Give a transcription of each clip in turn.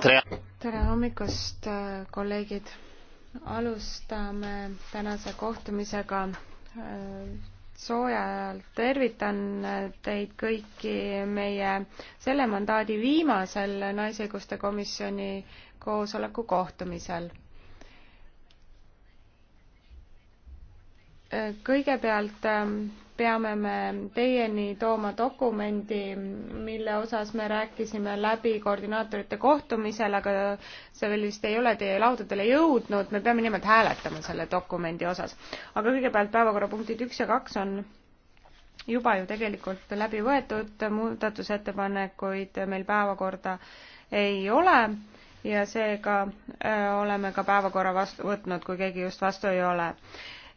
tere hommikust, kolleegid. alustame tänase kohtumisega. soojalt tervitan teid kõiki meie selle mandaadi viimasel Naisõiguste Komisjoni koosoleku kohtumisel kõigepealt peame me teieni tooma dokumendi, mille osas me rääkisime läbi koordinaatorite kohtumisel, aga see veel vist ei ole teie laudadele jõudnud, me peame nimelt hääletama selle dokumendi osas. aga kõigepealt päevakorrapunktid üks ja kaks on juba ju tegelikult läbi võetud, muudatusettepanekuid meil päevakorda ei ole ja seega öö, äh, oleme ka päevakorra vastu võtnud, kui keegi just vastu ei ole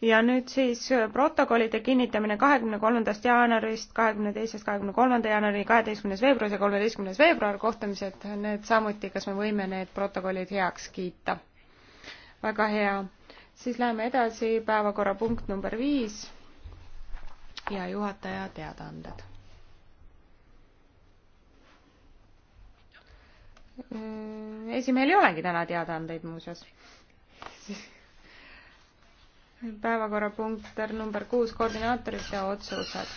ja nüüd siis äh, protokollide kinnitamine kahekümne kolmandast jaanuarist, kahekümne teisest, kahekümne kolmanda jaanuari, kaheteistkümnes veebruar ja kolmeteistkümnes veebruar kohtumised, need samuti, kas me võime need protokollid heaks kiita? väga hea, siis läheme edasi, päevakorrapunkt number viis ja juhataja teadaanded. Äh, ei, siin meil ei olegi täna teadaandeid muuseas päevakorrapunkt number kuus, koordinaatorite otsused.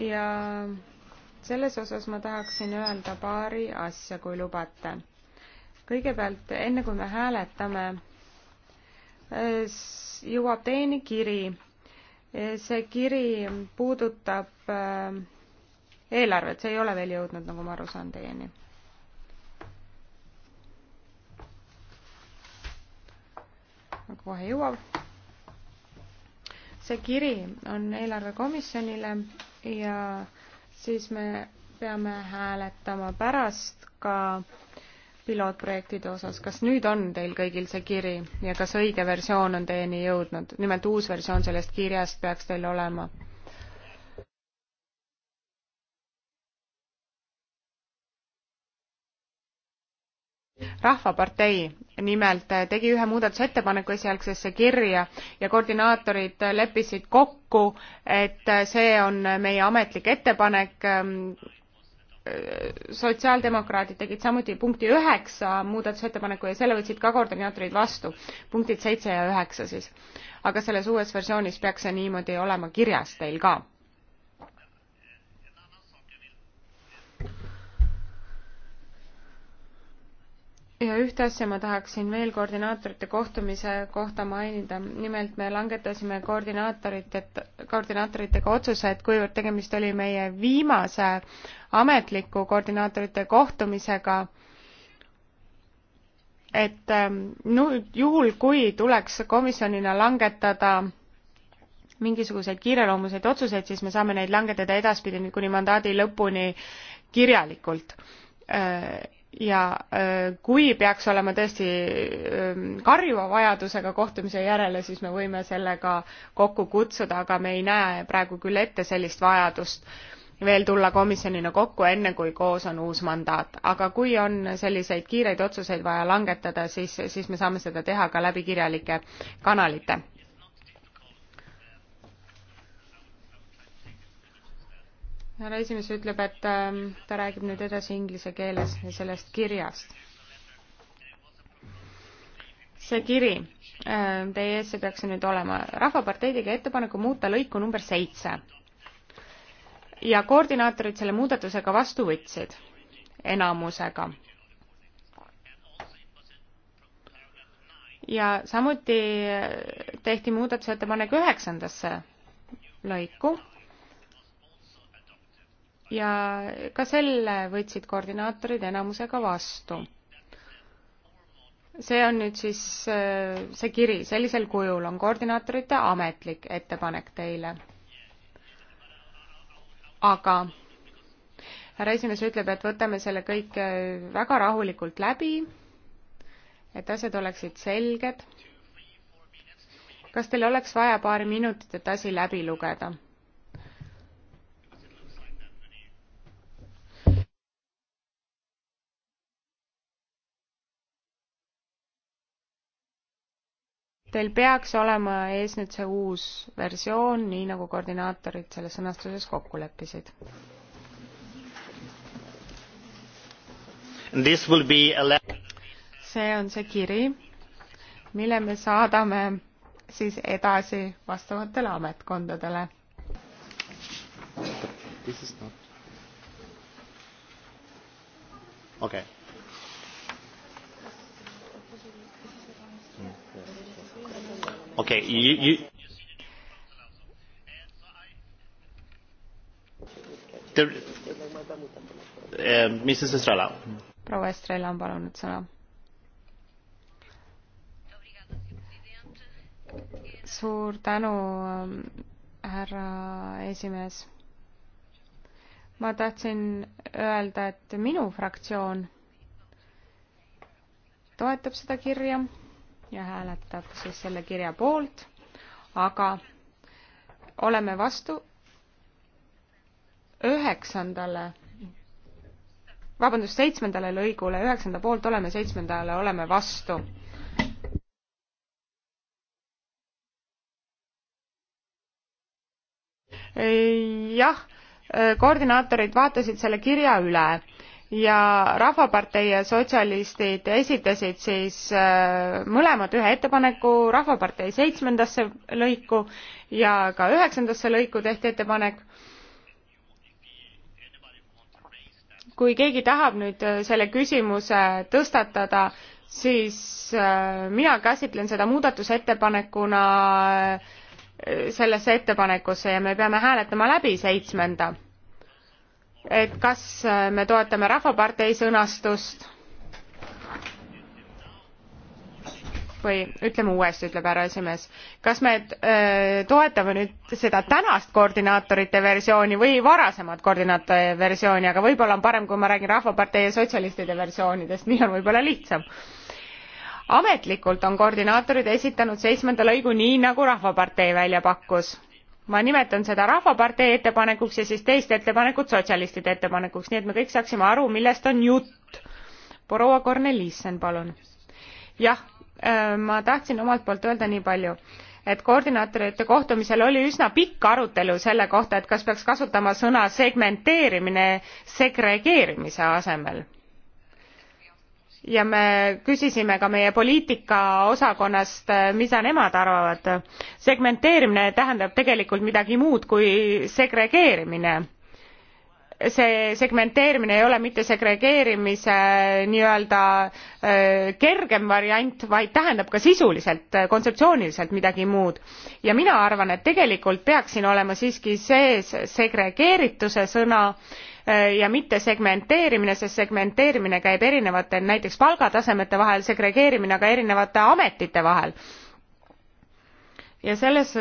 ja selles osas ma tahaksin öelda paari asja, kui lubate. kõigepealt, enne kui me hääletame, jõuab teine kiri. see kiri puudutab äh, eelarvet, see ei ole veel jõudnud, nagu ma aru saan, teieni kohe jõuab. see kiri on eelarvekomisjonile ja siis me peame hääletama pärast ka pilootprojektide osas, kas nüüd on teil kõigil see kiri ja kas õige versioon on teieni jõudnud? nimelt uus versioon sellest kirjast peaks teil olema rahvapartei nimelt eh, tegi ühe muudatusettepaneku esialgsesse kirja ja koordinaatorid eh, leppisid kokku, et eh, see on meie ametlik ettepanek. Ehm, sotsiaaldemokraadid tegid samuti punkti üheksa muudatusettepaneku ja selle võtsid ka koordinaatorid vastu, punktid seitse ja üheksa siis. aga selles uues versioonis peaks see niimoodi olema kirjas teil ka ja ühte asja ma tahaksin veel koordinaatorite kohtumise kohta mainida. nimelt me langetasime koordinaatorite, koordinaatoritega otsuse, et kuivõrd tegemist oli meie viimase ametliku koordinaatorite kohtumisega, et ähm, no juhul, kui tuleks komisjonina langetada mingisuguseid kiireloomuseid otsuseid, siis me saame neid langetada edaspidi kuni mandaadi lõpuni kirjalikult äh, ja kui peaks olema tõesti karjuva vajadusega kohtumise järele, siis me võime selle ka kokku kutsuda, aga me ei näe praegu küll ette sellist vajadust veel tulla komisjonina kokku, enne kui koos on uus mandaat. aga kui on selliseid kiireid otsuseid vaja langetada, siis, siis me saame seda teha ka läbi kirjalike kanalite härra esimees ütleb, et ähm, ta räägib nüüd edasi inglise keeles ja sellest kirjast. see kiri ähm, teie ees, see peaks see nüüd olema. rahvapartei tegi ettepaneku muuta lõiku number seitse ja koordinaatorid selle muudatusega vastu võtsid enamusega. ja samuti äh, tehti muudatusettepanek üheksandasse lõiku ja ka selle võtsid koordinaatorid enamusega vastu. see on nüüd siis äh, see kiri, sellisel kujul on koordinaatorite ametlik ettepanek teile. aga härra esimees ütleb, et võtame selle kõik äh, väga rahulikult läbi, et asjad oleksid selged. kas teil oleks vaja paari minutit, et asi läbi lugeda? Teil peaks olema ees nüüd see uus versioon, nii nagu koordinaatorid selles sõnastuses kokku leppisid. see on see kiri, mille me saadame siis edasi vastavatele ametkondadele. okei okay Okay, you, you... Te... Uh, Mrs Estrela. proua Estrela on palunud sõna. suur tänu, um, härra esimees. ma tahtsin öelda, et minu fraktsioon toetab seda kirja ja hääletab siis selle kirja poolt, aga oleme vastu üheksandale, vabandust, seitsmendale lõigule, üheksanda poolt oleme, seitsmendale oleme vastu. jah, koordinaatorid vaatasid selle kirja üle ja Rahvapartei ja sotsialistid esitasid siis äh, mõlemad ühe ettepaneku Rahvapartei seitsmendasse lõiku ja ka üheksandasse lõiku tehti ettepanek. kui keegi tahab nüüd äh, selle küsimuse tõstatada, siis äh, mina käsitlen seda muudatusettepanekuna sellesse ettepanekusse ja me peame hääletama läbi seitsmenda et kas äh, me toetame Rahvapartei sõnastust või ütleme uuesti, ütleb härra esimees, kas me äh, toetame nüüd seda tänast koordinaatorite versiooni või varasemat koordinaatorite versiooni, aga võib-olla on parem, kui ma räägin Rahvapartei ja sotsialistide versioonidest, nii on võib-olla lihtsam. ametlikult on koordinaatorid esitanud seitsmenda lõigu nii, nagu Rahvapartei välja pakkus ma nimetan seda rahvapartei ettepanekuks ja siis teist ettepanekut sotsialistide ettepanekuks nii et me kõik saaksime aru millest on jutt proua cornelissen palun jah äh, ma tahtsin omalt poolt öelda nii palju et koordinaatorite kohtumisel oli üsna pikk arutelu selle kohta et kas peaks kasutama sõna segmenteerimine segregeerimise asemel ja me küsisime ka meie poliitikaosakonnast eh, mida nemad arvavad segmenteerimine tähendab tegelikult midagi muud kui segregeerimine see segmenteerimine ei ole mitte segregeerimise eh, nii-öelda eh, kergem variant vaid tähendab ka sisuliselt kontseptsiooniliselt midagi muud ja mina arvan et tegelikult peaks siin olema siiski sees segregeerituse sõna Äh, ja mitte segmenteerimine sest segmenteerimine käib erinevate näiteks palgatasemete vahel segregeerimine aga erinevate ametite vahel ja selles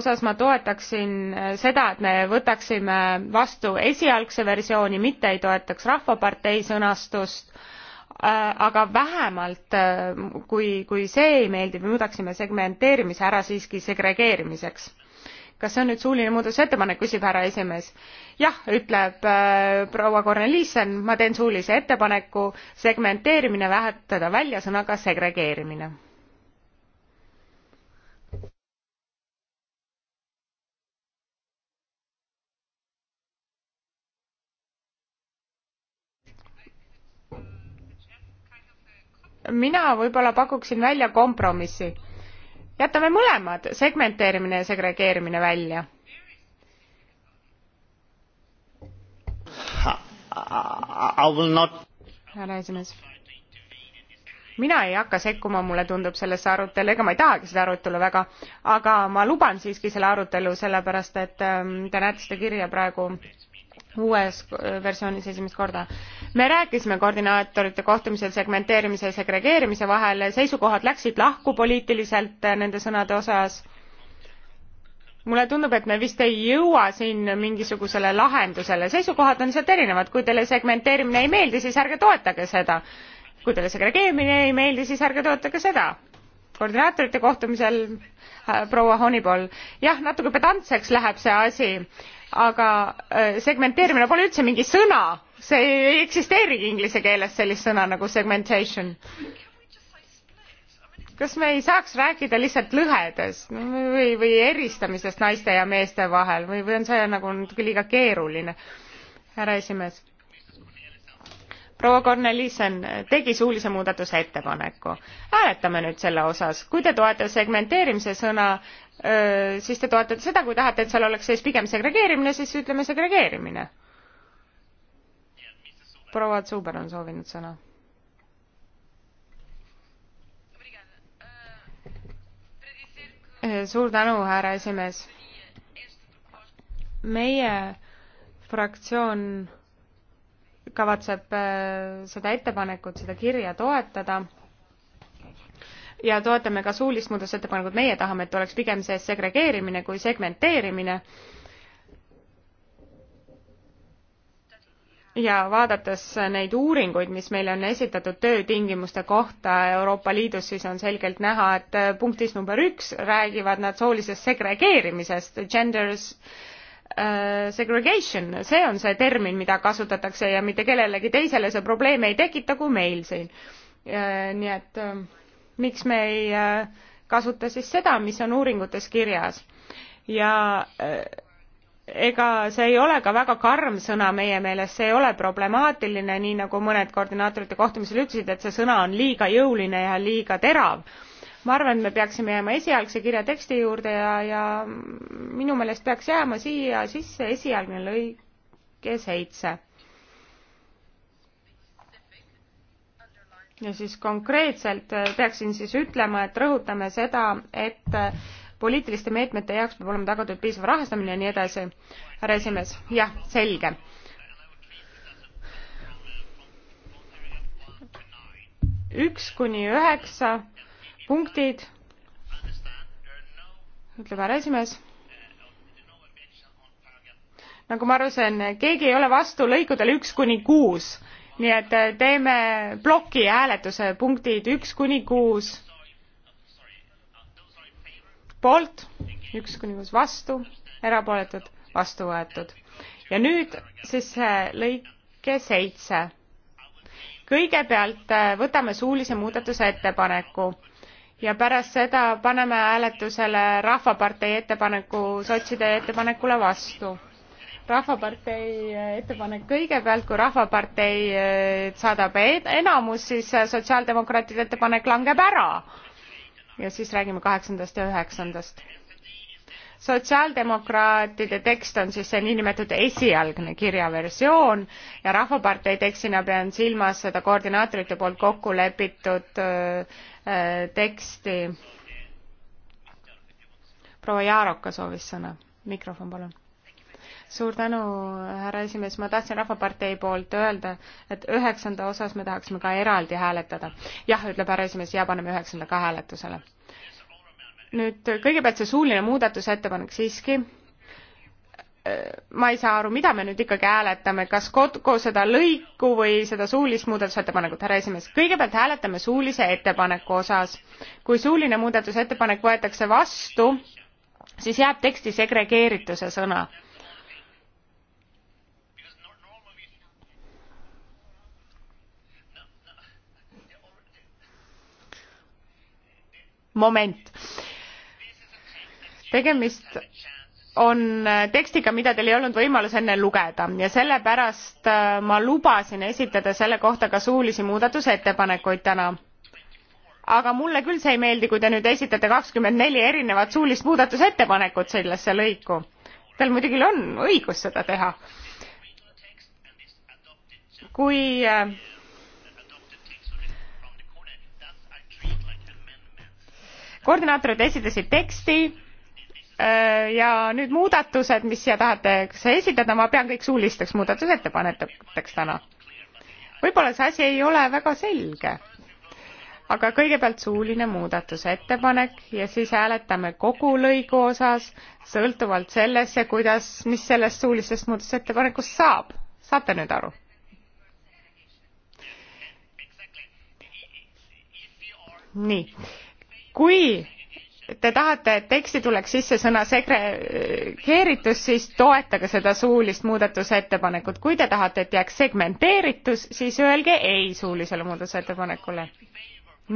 osas ma toetaksin äh, seda et me võtaksime vastu esialgse versiooni mitte ei toetaks rahvapartei sõnastust äh, aga vähemalt kui kui see ei meeldi me muudaksime segmenteerimise ära siiski segregeerimiseks kas see on nüüd suuline muudatusettepanek, küsib härra esimees. jah, ütleb äh, proua Korneliisen, ma teen suulise ettepaneku segmenteerimine vähetada välja sõnaga segregeerimine. mina võib-olla pakuksin välja kompromissi jätame mõlemad, segmenteerimine ja segregeerimine välja. härra esimees mina ei hakka sekkuma mulle tundub sellesse arutellu ega ma ei tahagi seda arutelu väga aga ma luban siiski selle arutelu sellepärast et ähm, te näete seda kirja praegu uues versioonis esimest korda. me rääkisime koordinaatorite kohtumisel segmenteerimise ja segregeerimise vahel, seisukohad läksid lahku poliitiliselt nende sõnade osas. mulle tundub, et me vist ei jõua siin mingisugusele lahendusele, seisukohad on lihtsalt erinevad, kui teile segmenteerimine ei meeldi, siis ärge toetage seda. kui teile segregeerimine ei meeldi, siis ärge toetage seda koordinaatorite kohtumisel äh, proua Honeypool, jah, natuke pedantseks läheb see asi aga äh, segmenteerimine pole üldse mingi sõna, see ei eksisteerigi inglise keeles sellist sõna nagu segmentation. kas me ei saaks rääkida lihtsalt lõhedest või, või eristamisest naiste ja meeste vahel või, või on see nagu natuke liiga keeruline? härra esimees proua Cornelissen tegi suulise muudatusettepaneku. hääletame nüüd selle osas. kui te toetate segmenteerimise sõna siis te toetate seda, kui tahate, et seal oleks sees pigem segregeerimine, siis ütleme segregeerimine. proua Zuber on soovinud sõna. suur tänu, härra esimees. meie fraktsioon kavatseb seda ettepanekut, seda kirja toetada ja toetame ka suulist muudatusettepanekut, meie tahame, et oleks pigem see segregeerimine kui segmenteerimine. ja vaadates neid uuringuid, mis meile on esitatud töötingimuste kohta Euroopa Liidus, siis on selgelt näha, et punktis number üks räägivad nad soolisest segregeerimisest, genders äh, segregation, see on see termin, mida kasutatakse ja mitte kellelegi teisele see probleeme ei tekita kui meil siin. Äh, nii et äh, miks me ei äh, kasuta siis seda, mis on uuringutes kirjas. ja äh, ega see ei ole ka väga karm sõna meie meelest, see ei ole problemaatiline, nii nagu mõned koordinaatorite kohtumisel ütlesid, et see sõna on liiga jõuline ja liiga terav ma arvan, et me peaksime jääma esialgse kirja teksti juurde ja, ja minu meelest peaks jääma siia sisse esialgne lõige seitse. ja siis konkreetselt äh, peaksin siis ütlema, et rõhutame seda, et äh, poliitiliste meetmete jaoks peab olema tagatud piisav rahastamine ja nii edasi. härra esimees, jah, selge. üks kuni üheksa punktid, ütleb härra esimees. nagu ma aru sain, keegi ei ole vastu lõikudele üks kuni kuus nii et äh, teeme ploki hääletuse punktid üks kuni kuus poolt üks kuni kuus vastu erapooletud vastu võetud ja nüüd siis äh, lõike seitse kõigepealt äh, võtame suulise muudatuse ettepaneku ja pärast seda paneme hääletusele rahvapartei ettepaneku sotside ettepanekule vastu rahvapartei äh, ettepanek kõigepealt, kui Rahvapartei äh, saadab enamus, siis äh, sotsiaaldemokraatide ettepanek langeb ära. ja siis räägime kaheksandast ja üheksandast. sotsiaaldemokraatide tekst on siis see niinimetatud esialgne kirjaversioon ja Rahvapartei tekstina pean silmas seda koordinaatorite poolt kokku lepitud teksti. proua Jaaroka soovis sõna, mikrofon palun suur tänu, härra esimees, ma tahtsin Rahvapartei poolt öelda, et üheksanda osas me tahaksime ka eraldi hääletada. jah, ütleb härra esimees, ja paneme üheksanda ka hääletusele. nüüd kõigepealt see suuline muudatusettepanek siiski ma ei saa aru, mida me nüüd ikkagi hääletame, kas kogu seda lõiku või seda suulist muudatusettepanekut, härra esimees, kõigepealt hääletame suulise ettepaneku osas. kui suuline muudatusettepanek võetakse vastu, siis jääb teksti segregeerituse sõna moment. tegemist on tekstiga, mida teil ei olnud võimalus enne lugeda ja sellepärast äh, ma lubasin esitada selle kohta ka suulisi muudatusettepanekuid täna. aga mulle küll see ei meeldi, kui te nüüd esitate kakskümmend neli erinevat suulist muudatusettepanekut sellesse lõiku. Teil muidugi on õigus seda teha. kui äh, koordinaatorid esitasid teksti äh, ja nüüd muudatused, mis siia tahetakse esitada, ma pean kõik suulisteks muudatusettepanekuteks täna. võib-olla see asi ei ole väga selge, aga kõigepealt suuline muudatusettepanek ja siis hääletame kogu lõigu osas sõltuvalt sellesse, kuidas, mis sellest suulisest muudatusettepanekust saab. saate nüüd aru? nii kui te tahate, et teksti tuleks sisse sõna segregeeritus, siis toetage seda suulist muudatusettepanekut. kui te tahate, et jääks segmenteeritus, siis öelge ei suulisele muudatusettepanekule.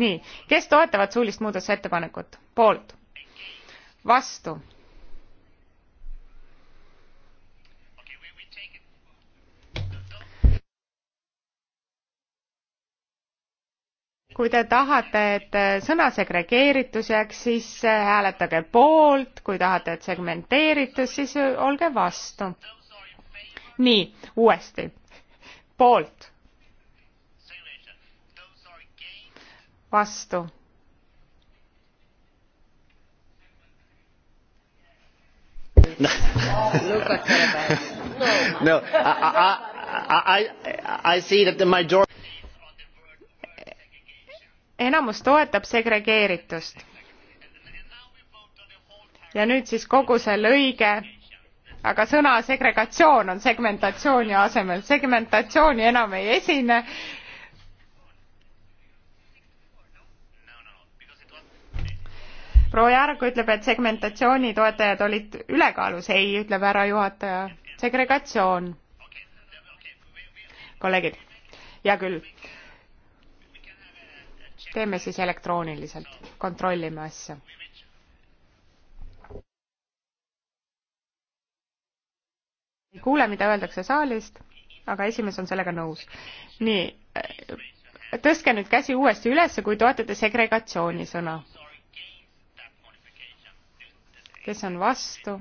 nii, kes toetavad suulist muudatusettepanekut? poolt? vastu? kui te tahate, et äh, sõna segregeeritus jääks sisse, äh, hääletage poolt, kui tahate, et segmenteeritus, siis äh, olge vastu. nii, uuesti. poolt. vastu. no, I, I, I, I see that the majority enamus toetab segregeeritust. ja nüüd siis kogu see lõige, aga sõna segregatsioon on segmentatsiooni asemel, segmentatsiooni enam ei esine. proua Jaaraku ütleb, et segmentatsiooni toetajad olid ülekaalus, ei, ütleb härra juhataja, segregatsioon. kolleegid, hea küll teeme siis elektrooniliselt, kontrollime asja. ei kuule, mida öeldakse saalist, aga esimees on sellega nõus. nii, tõstke nüüd käsi uuesti üles, kui toetate segregatsiooni sõna. kes on vastu?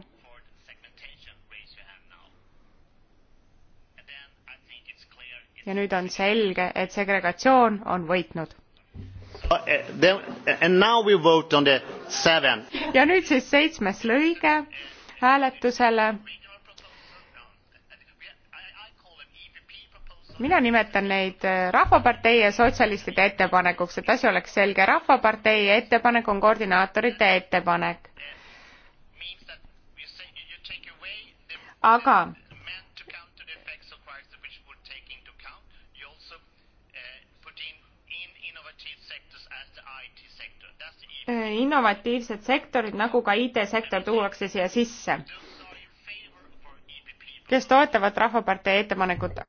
ja nüüd on selge, et segregatsioon on võitnud. Uh, uh, uh, ja nüüd siis seitsmes lõige hääletusele. mina nimetan neid äh, Rahvapartei ja sotsialistide ettepanekuks, et asi oleks selge. rahvapartei ettepanek on koordinaatorite ettepanek. aga Äh, innovatiivsed sektorid nagu ka IT-sektor tuuakse siia sisse, kes toetavad Rahvapartei ettepanekut.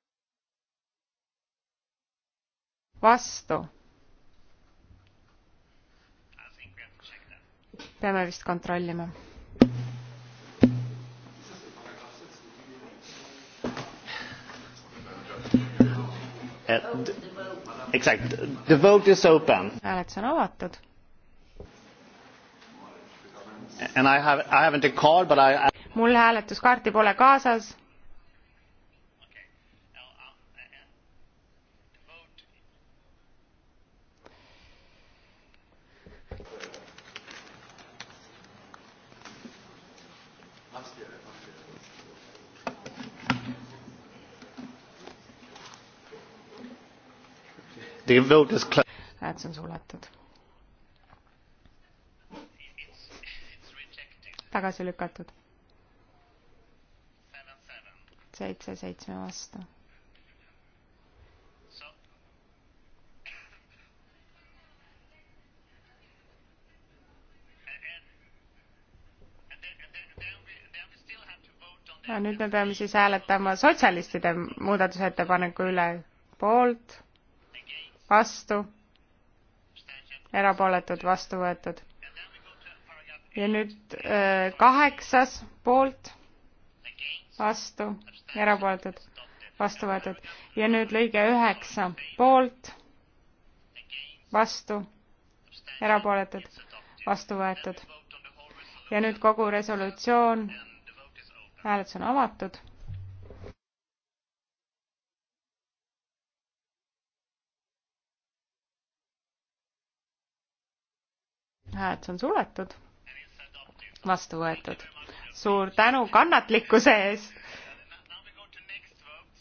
vastu. peame vist kontrollima. Uh, exact, the vote is open. hääletus on avatud Have, I... mul hääletuskaarti pole kaasas. hääletus on suletud. tagasi lükatud. seitse seitsme vastu. ja nüüd me peame siis hääletama sotsialistide muudatusettepaneku üle. poolt, vastu, erapooletud, vastu võetud ja nüüd äh, kaheksas poolt, vastu, erapooletud, vastu võetud. ja nüüd lõige üheksa poolt, vastu, erapooletud, vastu võetud. ja nüüd kogu resolutsioon, hääletus on avatud. hääletus on suletud vastu võetud. suur tänu kannatlikkuse eest.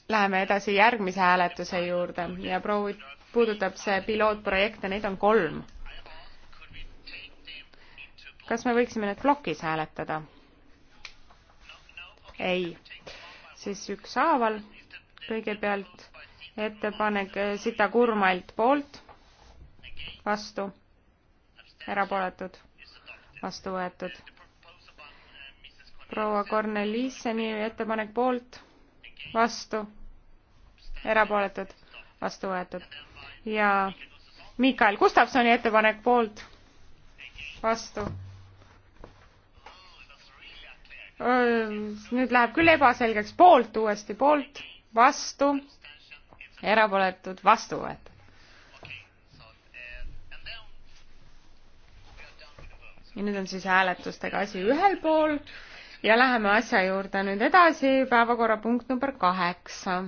Läheme edasi järgmise hääletuse juurde ja proovi-, puudutab see pilootprojekte, neid on kolm. kas me võiksime need plokis hääletada? ei, siis ükshaaval kõigepealt ettepanek eh, Sita Kurmalt poolt, vastu, erapooletud, vastu võetud proua Kornelisseni ettepanek poolt, vastu, erapooletud, vastu võetud. ja Mikael Gustavsoni ettepanek poolt, vastu. nüüd läheb küll ebaselgeks, poolt uuesti, poolt, vastu, erapooletud, vastu võetud. ja nüüd on siis hääletustega asi ühel pool ja läheme asja juurde nüüd edasi, päevakorrapunkt number kaheksa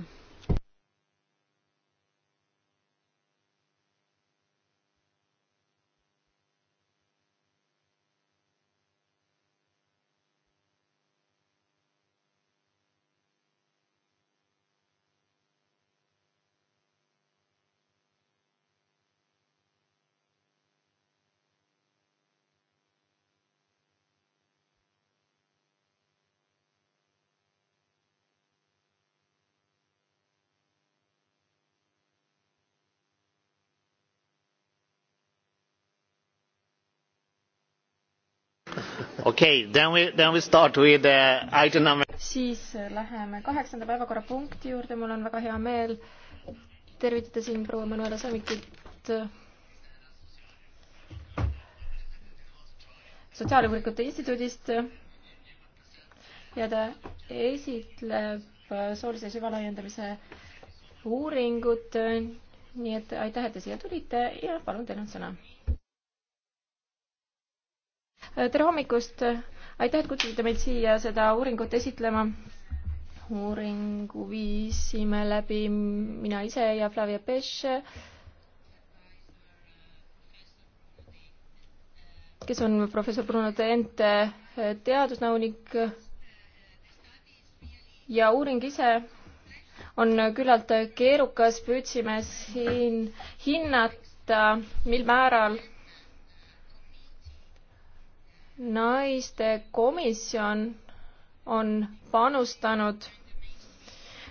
okei okay,, then we, then we start with uh, item number. siis äh, läheme kaheksanda päevakorrapunkti juurde, mul on väga hea meel tervitada siin proua Manuela Sõmmikut. Äh, sotsiaaluuringute instituudist ja ta esitleb äh, soolise süvalaiendamise uuringut. nii et aitäh, et te siia tulite ja palun, teil on sõna tere hommikust, aitäh, et kutsusite meid siia seda uuringut esitlema. uuringu viisime läbi mina ise ja Flavia Peš, kes on professor Bruno Tente teadusnõunik ja uuring ise on küllalt keerukas, püüdsime siin hinnata, mil määral naiste komisjon on panustanud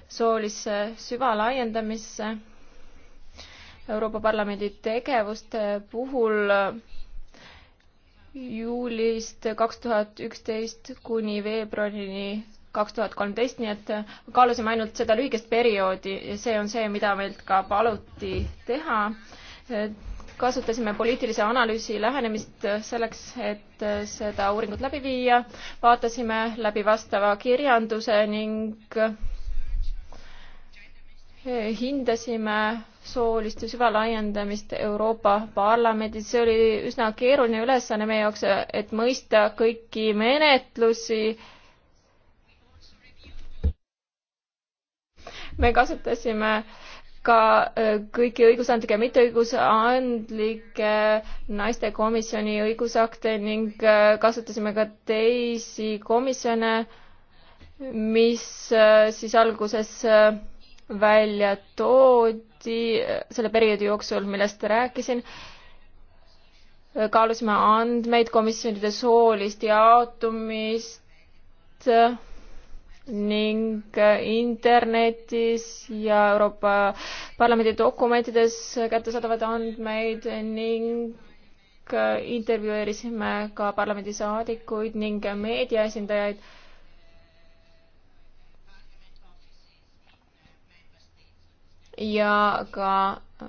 soolisse süvalaiendamisse Euroopa Parlamendi tegevuste puhul juulist kaks tuhat üksteist kuni veebruarini kaks tuhat kolmteist, nii et kaalusime ainult seda lühikest perioodi ja see on see, mida meilt ka paluti teha kasutasime poliitilise analüüsi lähenemist selleks, et seda uuringut läbi viia, vaatasime läbi vastava kirjanduse ning hindasime soolist süvalaiendamist Euroopa Parlamendis, see oli üsna keeruline ülesanne meie jaoks, et mõista kõiki menetlusi. me kasutasime äh, ka äh, kõiki õigusandlikke ja mitteõigusandlikke naistekomisjoni õigusakte ning äh, kasutasime ka teisi komisjone, mis äh, siis alguses välja toodi selle perioodi jooksul, millest rääkisin. kaalusime andmeid, komisjonide soolist jaotumist ja ning äh, internetis ja Euroopa Parlamendi dokumentides kättesaadavaid andmeid ning äh, intervjueerisime ka parlamendisaadikuid ning meedia esindajaid ja ka äh,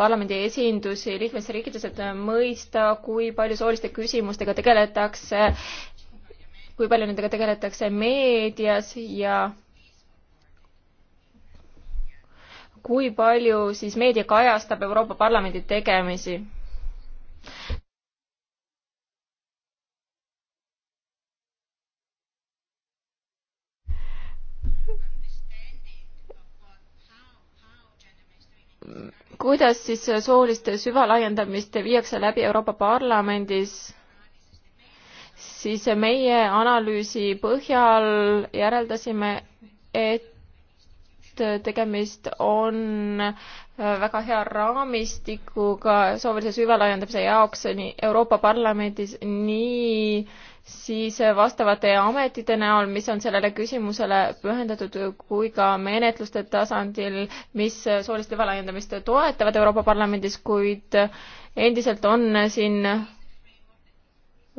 parlamendi esindusi liikmesriikides, et mõista, kui palju sooliste küsimustega tegeletakse kui palju nendega tegeletakse meedias ja kui palju siis meedia kajastab Euroopa Parlamendi tegemisi? kuidas siis soolist süvalaiendamist viiakse läbi Euroopa Parlamendis? siis meie analüüsi põhjal järeldasime, et tegemist on äh, väga hea raamistikuga soolise süvalaiendamise jaoks nii Euroopa Parlamendis, nii siis vastavate ametite näol, mis on sellele küsimusele pühendatud, kui ka menetluste tasandil, mis soolist süvalaiendamist toetavad Euroopa Parlamendis, kuid endiselt on siin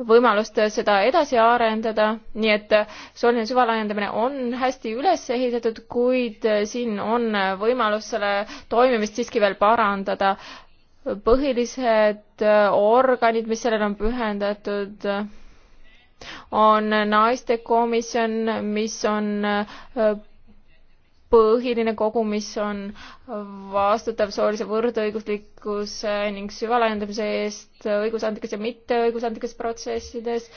võimalust seda edasi arendada, nii et äh, sooline süvalaiendamine on hästi üles ehitatud, kuid äh, siin on äh, võimalus selle toimimist siiski veel parandada. põhilised organid, mis sellele on pühendatud, on naistekomisjon, mis on põhiline kogu, mis on vastutav soolise võrdõiguslikkuse ning süvalaiendamise eest õigusandlikes ja mitteõigusandlikes protsessides,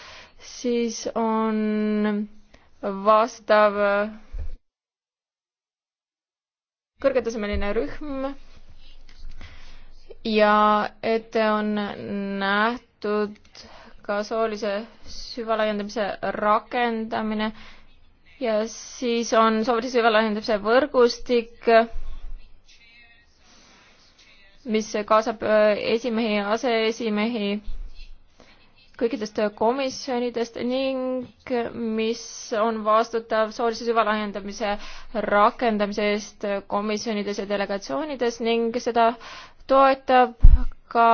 siis on vastav kõrgetasemeline rühm ja ette on nähtud ka soolise süvalaiendamise rakendamine äh, ja siis on soolise ülalaiendamise võrgustik, mis kaasab äh, esimehi ja aseesimehi kõikidest komisjonidest ning mis on vastutav soolise süvalaiendamise rakendamise eest komisjonides ja delegatsioonides ning seda toetab ka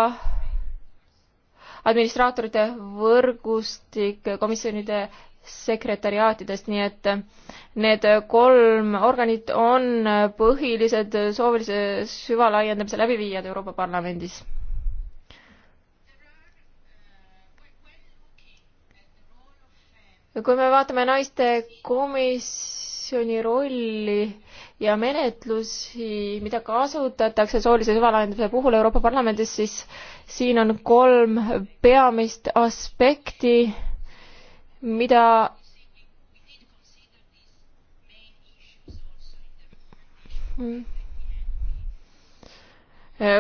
administraatorite võrgustik komisjonide sekretäriaatidest, nii et need kolm organit on põhilised soolise süvalaiendamise läbiviijad Euroopa Parlamendis. kui me vaatame naiste komisjoni rolli ja menetlusi, mida kasutatakse soolise süvalaienduse puhul Euroopa Parlamendis, siis siin on kolm peamist aspekti mida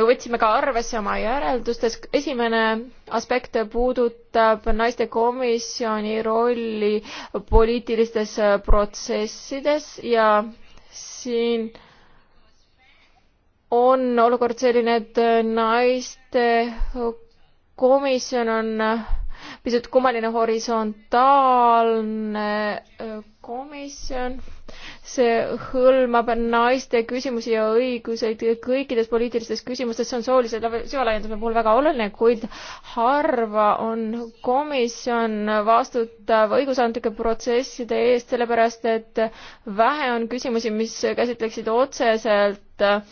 võtsime ka arvesse oma järeldustes. esimene aspekt puudutab naiste komisjoni rolli poliitilistes protsessides ja siin on olukord selline, et naiste komisjon on pisut kummaline horisontaalne äh, komisjon. see hõlmab naiste küsimusi ja õiguseid kõikides poliitilistes küsimustes, see on soolise süvalaiendamise puhul väga oluline, kuid harva on komisjon vastutav õigusandlike protsesside eest, sellepärast et vähe on küsimusi, mis käsitleksid otseselt äh,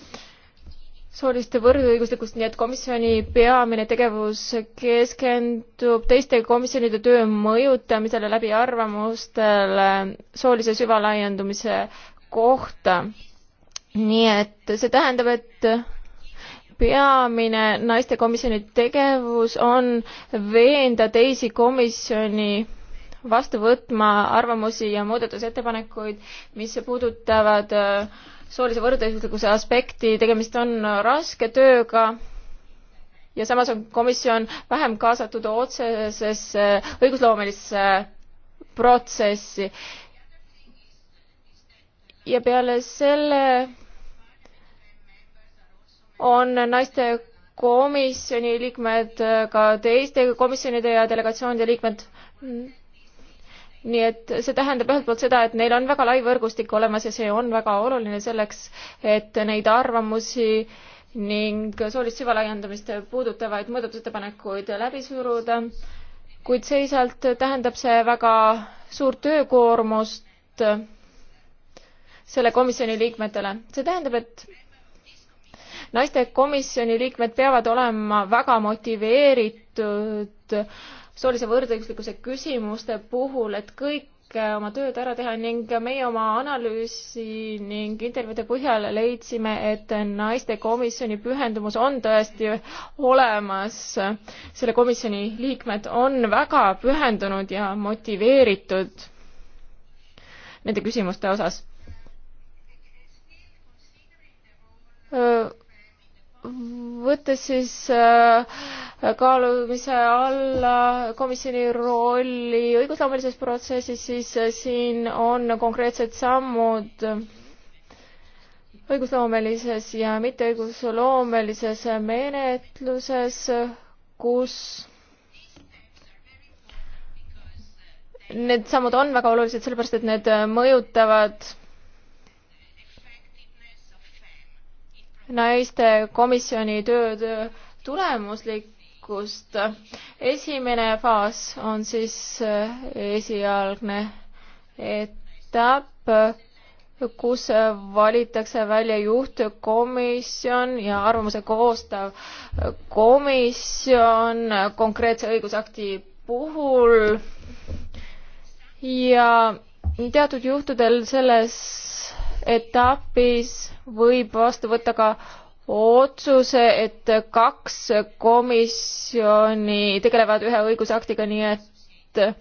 soolist võrdõiguslikkust, nii et komisjoni peamine tegevus keskendub teiste komisjonide töö mõjutamisele läbi arvamustele soolise süvalaiendumise kohta. nii et see tähendab, et peamine naistekomisjoni tegevus on veenda teisi komisjoni vastu võtma arvamusi ja muudatusettepanekuid, mis puudutavad äh, soolise võrdõiguslikkuse aspekti, tegemist on raske tööga ja samas on komisjon vähem kaasatud otsesesse õigusloomelisse protsessi. ja peale selle on naiste komisjoni liikmed ka teiste komisjonide ja delegatsioonide liikmed nii et see tähendab ühelt poolt seda, et neil on väga lai võrgustik olemas ja see on väga oluline selleks, et neid arvamusi ning soolist süvalaiendamist puudutavaid muudatusettepanekuid läbi suruda, kuid seisalt tähendab see väga suurt töökoormust selle komisjoni liikmetele. see tähendab, et naiste komisjoni liikmed peavad olema väga motiveeritud soolise võrdõiguslikkuse küsimuste puhul, et kõik äh, oma tööd ära teha ning meie oma analüüsi ning intervjuude põhjal leidsime, et naiste komisjoni pühendumus on tõesti olemas. selle komisjoni liikmed on väga pühendunud ja motiveeritud nende küsimuste osas äh, võttes siis äh, kaalumise alla komisjoni rolli õigusloomelises protsessis, siis äh, siin on konkreetsed sammud õigusloomelises ja mitteõigusloomelises menetluses, kus need sammud on väga olulised, sellepärast et need mõjutavad naiste komisjoni töö tulemuslikkust. esimene faas on siis äh, esialgne etapp, kus valitakse välja juhtkomisjon ja arvamuse koostav komisjon konkreetse õigusakti puhul ja teatud juhtudel selles etapis võib vastu võtta ka otsuse, et kaks komisjoni tegelevad ühe õigusaktiga, nii et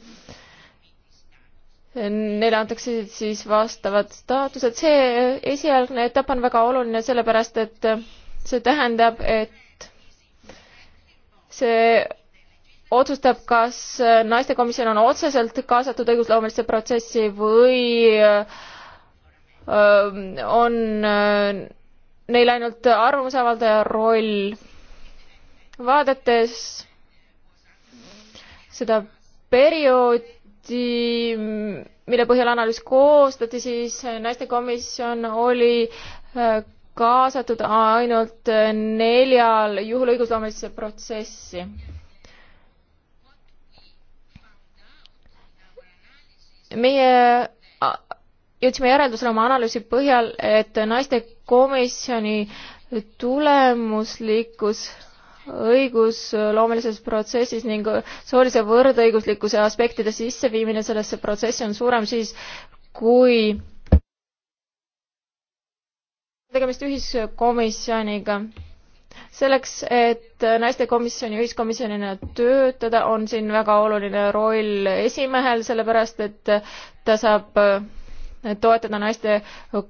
neile antakse siis vastavad staatused. see esialgne etapp on väga oluline, sellepärast et see tähendab, et see otsustab, kas naistekomisjon on otseselt kaasatud õigusloomelisse protsessi või äh, on neil ainult arvamusavaldaja roll. vaadates seda perioodi, mille põhjal analüüs koostati, siis naistekomisjon oli kaasatud ainult neljal juhul õigusloomelisse protsessi. meie jõudsime järeldusele oma analüüsi põhjal, et naiste komisjoni tulemuslikkus õigusloomelises protsessis ning soolise võrdõiguslikkuse aspektide sisseviimine sellesse protsessi on suurem siis, kui tegemist ühiskomisjoniga. selleks, et naistekomisjoni ühiskomisjonina töötada, on siin väga oluline roll esimehel, sellepärast et ta saab toetada naiste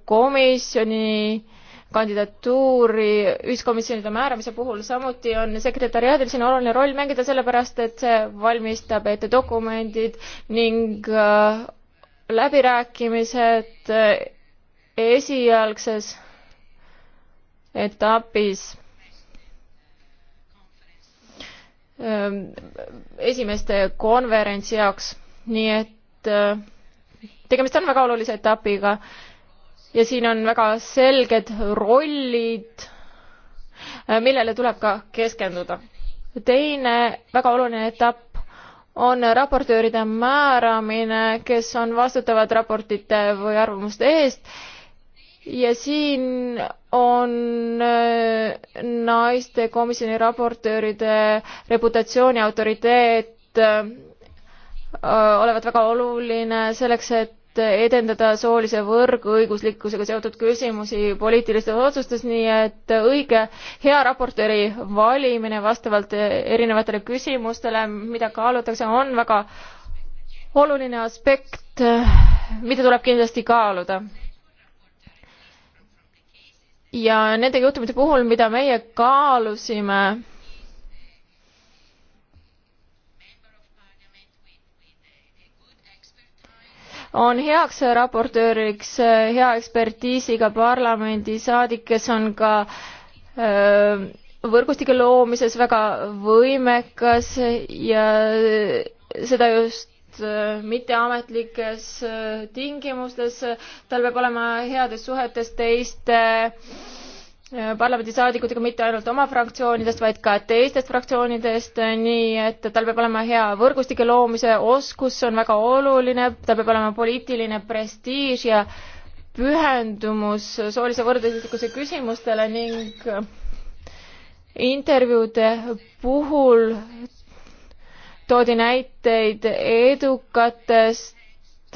komisjoni kandidatuuri ühiskomisjonide määramise puhul, samuti on sekretäriaadil siin oluline roll mängida, sellepärast et see valmistab ette dokumendid ning äh, läbirääkimised äh, esialgses etapis ähm, esimeste konverentsi jaoks, nii et äh, tegemist on väga olulise etapiga ja siin on väga selged rollid, millele tuleb ka keskenduda. teine väga oluline etapp on raportööride määramine, kes on vastutavad raportite või arvamuste eest ja siin on äh, naiste komisjoni raportööride reputatsiooni autoriteet äh, Äh, olevat väga oluline selleks, et edendada soolise võrgõiguslikkusega seotud küsimusi poliitilistes otsustes, nii et õige hea raportööri valimine vastavalt erinevatele küsimustele, mida kaalutakse, on väga oluline aspekt, mida tuleb kindlasti kaaluda. ja nende juhtumite puhul, mida meie kaalusime on heaks raportööriks, eh, hea ekspertiisiga parlamendisaadik, kes on ka eh, võrgustike loomises väga võimekas ja eh, seda just mitteametlikes tingimustes. tal peab olema heades suhetes teiste Äh, parlamendisaadikutega mitte ainult oma fraktsioonidest, vaid ka teistest fraktsioonidest, äh, nii et tal peab olema hea võrgustike loomise oskus, see on väga oluline, tal peab olema poliitiline prestiiž ja pühendumus soolise võrdõiguslikkuse küsimustele ning äh, intervjuude puhul toodi näiteid edukatest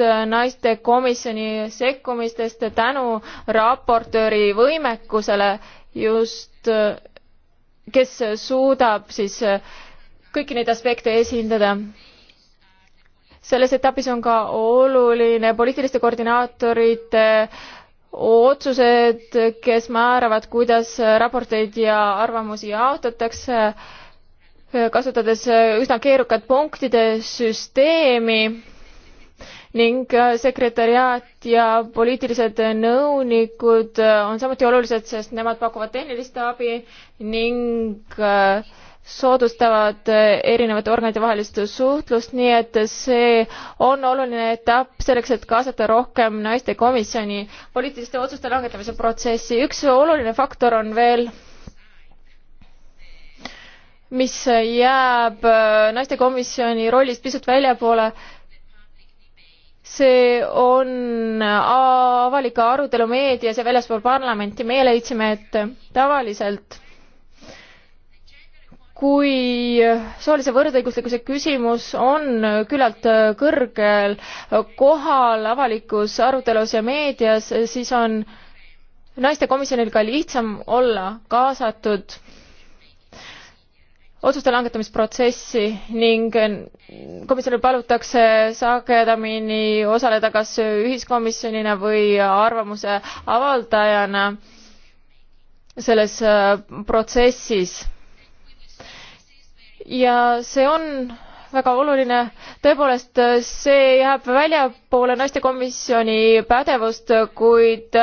Äh, naiste komisjoni sekkumistest tänu raportööri võimekusele just, äh, kes suudab siis äh, kõiki neid aspekte esindada. selles etapis on ka oluline poliitiliste koordinaatorite otsused, kes määravad, kuidas raporteid ja arvamusi jaotatakse, kasutades üsna keerukat punktide süsteemi ning äh, sekretäriaat ja poliitilised nõunikud äh, on samuti olulised, sest nemad pakuvad tehnilist abi ning äh, soodustavad erinevate organite vahelist suhtlust, nii et see on oluline etapp selleks, et kaasata rohkem naiste komisjoni poliitiliste otsuste langetamise protsessi. üks oluline faktor on veel mis jääb naistekomisjoni rollist pisut väljapoole, see on avalik arutelu meedias ja väljaspool parlamenti, meie leidsime, et tavaliselt kui soolise võrdõiguslikkuse küsimus on küllalt kõrgel kohal avalikus arutelus ja meedias, siis on naistekomisjonil ka lihtsam olla kaasatud otsuste langetamisprotsessi ning komisjonil palutakse sagedamini osaleda kas ühiskomisjonina või arvamuse avaldajana selles äh, protsessis ja see on väga oluline. tõepoolest, see jääb väljapoole naistekomisjoni pädevust, kuid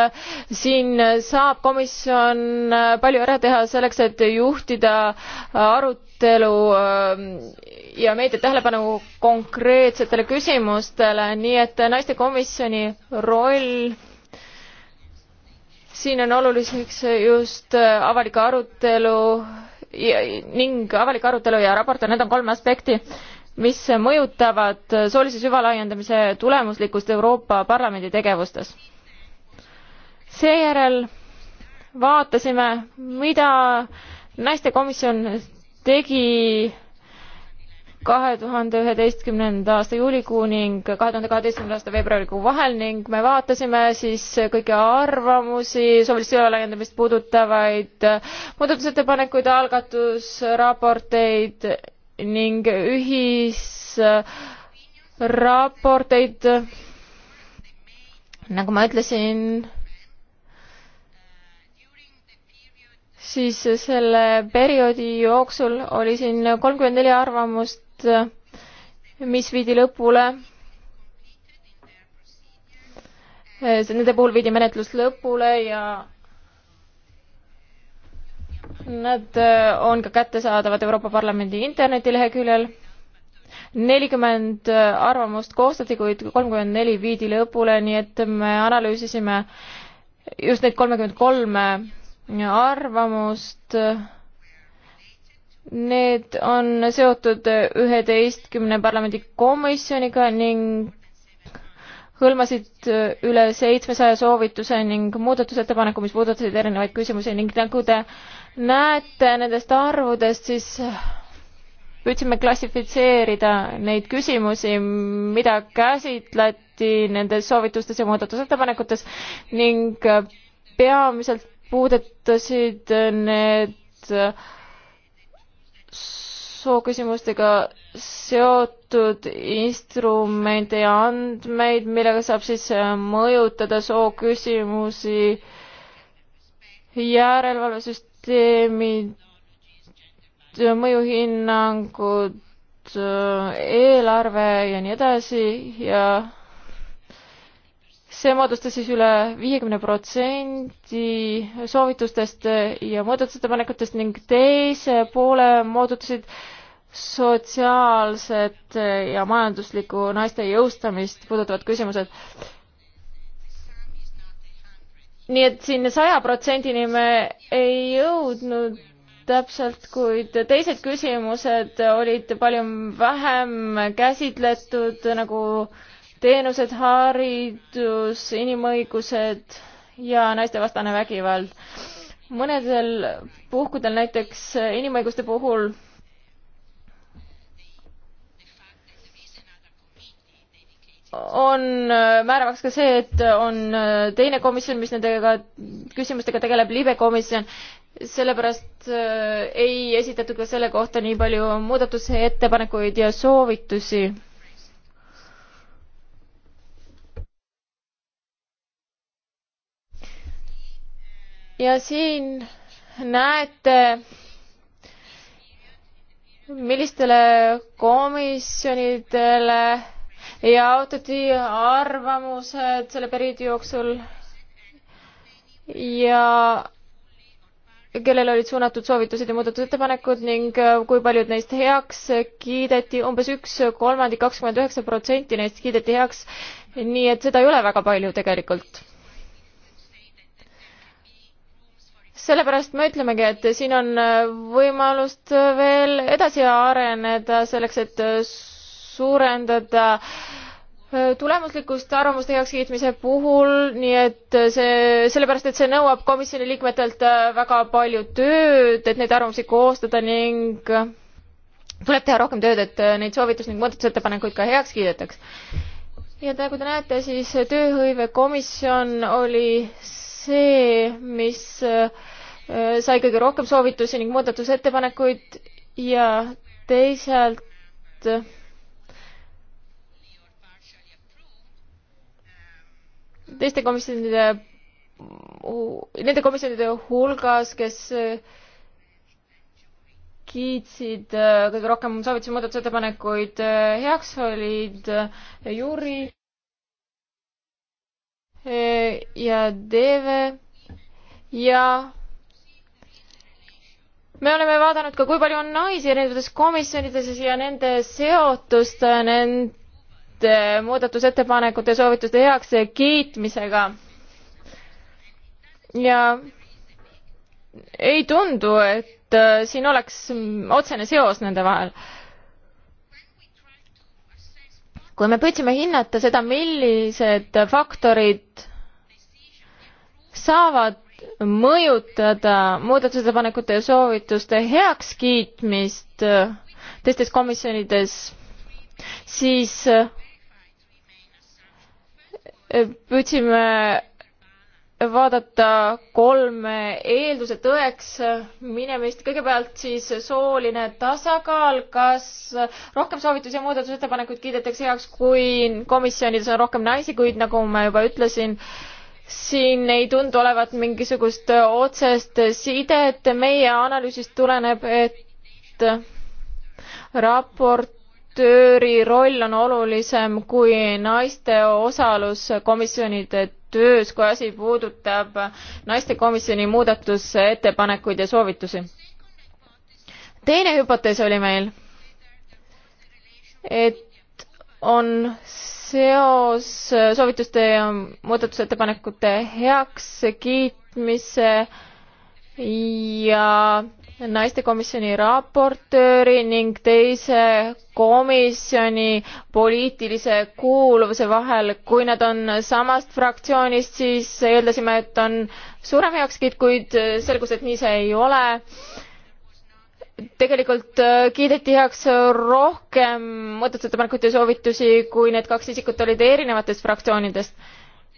siin saab komisjon palju ära teha selleks, et juhtida arutelu ähm, ja meedia tähelepanu konkreetsetele küsimustele, nii et naistekomisjoni roll siin on oluliseks just avalik arutelu ja, ning avalik arutelu ja raport ja need on kolm aspekti mis mõjutavad soolise süvalaiendamise tulemuslikkust Euroopa Parlamendi tegevustes. seejärel vaatasime, mida naistekomisjon tegi kahe tuhande üheteistkümnenda aasta juulikuu ning kahe tuhande kaheteistkümnenda aasta veebruarikuu vahel ning me vaatasime siis kõiki arvamusi soolist ülalaiendamist puudutavaid muudatusettepanekuid, algatusraporteid ning ühisraporteid, nagu ma ütlesin, siis selle perioodi jooksul oli siin kolmkümmend neli arvamust, mis viidi lõpule. Nende puhul viidi menetlus lõpule ja Nad äh, on ka kättesaadavad Euroopa Parlamendi internetileheküljel. nelikümmend äh, arvamust koostati, kuid kolmkümmend neli viidi lõpule, nii et me analüüsisime just neid kolmekümmend kolme äh, arvamust. Need on seotud üheteistkümne parlamendikomisjoniga ning hõlmasid üle seitsmesaja soovituse ning muudatusettepaneku, mis puudutasid erinevaid küsimusi ning nagu te äh, näete nendest arvudest, siis püüdsime klassifitseerida neid küsimusi, mida käsitleti nendes soovitustes ja muudatusettepanekutes ning peamiselt puudutasid need sooküsimustega seotud instrumente ja andmeid, millega saab siis mõjutada sooküsimusi järelevalvesüsteemi süsteemid, mõjuhinnangud, eelarve ja nii edasi ja see moodustas siis üle viiekümne protsendi soovitustest ja muudatusettepanekutest ning teise poole moodustasid sotsiaalset ja majanduslikku naiste jõustamist puudutavad küsimused nii et sinna saja protsendini me ei jõudnud täpselt, kuid teised küsimused olid palju vähem käsitletud nagu teenused, haridus, inimõigused ja naistevastane vägivald. mõnedel puhkudel, näiteks inimõiguste puhul on äh, määravaks ka see, et on äh, teine komisjon, mis nendega küsimustega tegeleb, libe komisjon, sellepärast äh, ei esitatud ka selle kohta nii palju muudatusettepanekuid ja soovitusi ja siin näete, millistele komisjonidele ja ootati arvamused selle perioodi jooksul ja kellele olid suunatud soovitused ja muudatusettepanekud ning kui paljud neist heaks kiideti, umbes üks kolmandik, kakskümmend üheksa protsenti neist kiideti heaks, nii et seda ei ole väga palju tegelikult. sellepärast me ütlemegi, et siin on võimalust veel edasi areneda selleks, et suurendada äh, tulemuslikkust arvamuste heakskiitmise puhul, nii et see, sellepärast et see nõuab komisjoni liikmetelt äh, väga palju tööd, et neid arvamusi koostada ning äh, tuleb teha rohkem tööd, et neid soovitusi ning muudatusettepanekuid ka heaks kiidetaks. ja nagu te näete, siis tööhõivekomisjon oli see, mis sai kõige rohkem soovitusi ning muudatusettepanekuid ja teisalt teiste komisjonide, nende komisjonide hulgas, kes kiitsid äh, kõige rohkem soovitusi muudatusettepanekuid äh, heaks, olid äh, Juri ja Deve ja me oleme vaadanud ka, kui palju on naisi erinevates komisjonides ja nende seotust nende Eh, muudatusettepanekute soovituste heakskiitmisega. ja ei tundu, et eh, siin oleks otsene seos nende vahel. kui me püüdsime hinnata seda, millised faktorid saavad mõjutada muudatusettepanekute ja soovituste heakskiitmist eh, teistes komisjonides, siis püüdsime vaadata kolme eelduse tõeks minemist. kõigepealt siis sooline tasakaal, kas rohkem soovitusi ja muudatusettepanekuid kiidetakse heaks, kui komisjonides on rohkem naisi, kuid nagu ma juba ütlesin, siin ei tundu olevat mingisugust otsest sidet. meie analüüsist tuleneb, et raport raportööri roll on olulisem kui naiste osalus komisjonide töös, kui asi puudutab naistekomisjoni muudatusettepanekuid ja soovitusi. teine hüpotees oli meil, et on seos soovituste ja muudatusettepanekute heakskiitmise ja naistekomisjoni raportööri ning teise komisjoni poliitilise kuuluvuse vahel. kui nad on samast fraktsioonist, siis eeldasime, et on suurem heakskiit, kuid selgus, et nii see ei ole. tegelikult kiideti heaks rohkem muudatusettepanekuid ja soovitusi, kui need kaks isikut olid erinevatest fraktsioonidest.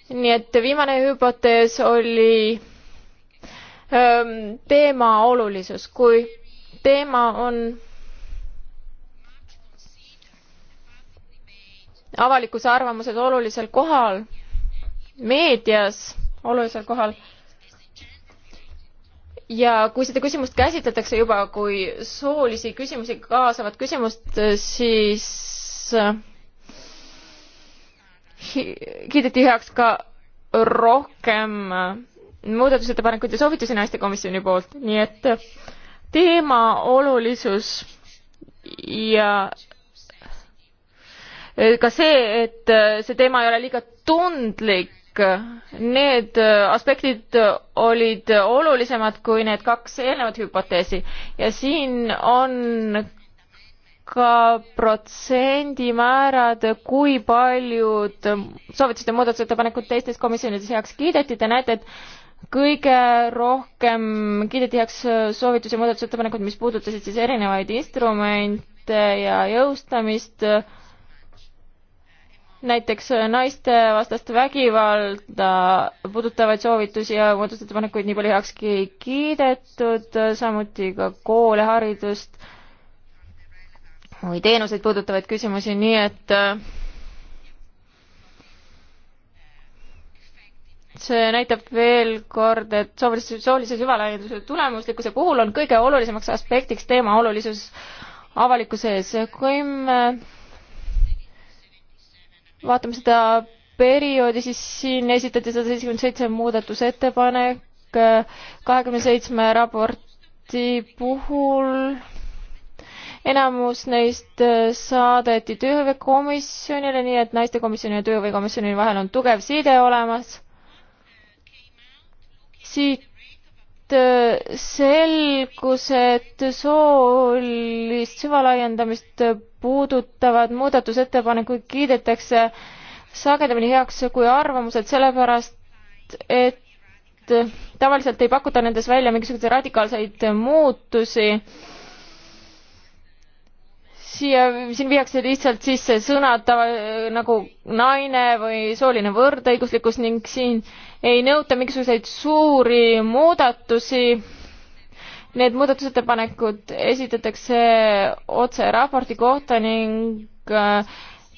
nii et viimane hüpotees oli teema olulisus, kui teema on avalikkuse arvamused olulisel kohal, meedias olulisel kohal. ja kui seda küsimust käsitletakse juba kui soolisi küsimusi kaasavat küsimust, siis äh, kiideti heaks ka rohkem muudatusettepanekuid ja soovitusi naistekomisjoni poolt, nii et teema olulisus ja ka see, et see teema ei ole liiga tundlik, need aspektid olid olulisemad kui need kaks eelnevat hüpoteesi ja siin on ka protsendimäärad, kui paljud soovitused ja muudatusettepanekud teistes komisjonides heaks kiideti, te näete, et kõige rohkem kiideti heaks äh, soovitusi ja muudatusettepanekud, mis puudutasid siis erinevaid instrumente ja jõustamist, näiteks äh, naistevastast vägivalda puudutavaid soovitusi ja muudatusettepanekuid nii palju heakski ei kiidetud, äh, samuti ka koole, haridust või teenuseid puudutavaid küsimusi, nii et äh, see näitab veel kord, et soolise, soolise süvalaienduse tulemuslikkuse puhul on kõige olulisemaks aspektiks teema olulisus avalikkuse ees. kui me vaatame seda perioodi, siis siin esitati sada seitsekümmend seitse muudatusettepanek kahekümne seitsme raporti puhul. enamus neist saadeti tööhõivekomisjonile, nii et naistekomisjoni ja tööhõivekomisjoni vahel on tugev side olemas siit äh, selgus, et soolist süvalaiendamist puudutavad muudatusettepanekuid kiidetakse sagedamini heaks kui arvamused, sellepärast et tavaliselt ei pakuta nendes välja mingisuguseid radikaalseid muutusi siia, siin viiakse lihtsalt sisse sõnad nagu naine või sooline võrdõiguslikkus ning siin ei nõuta mingisuguseid suuri muudatusi. Need muudatusettepanekud esitatakse otse raporti kohta ning äh,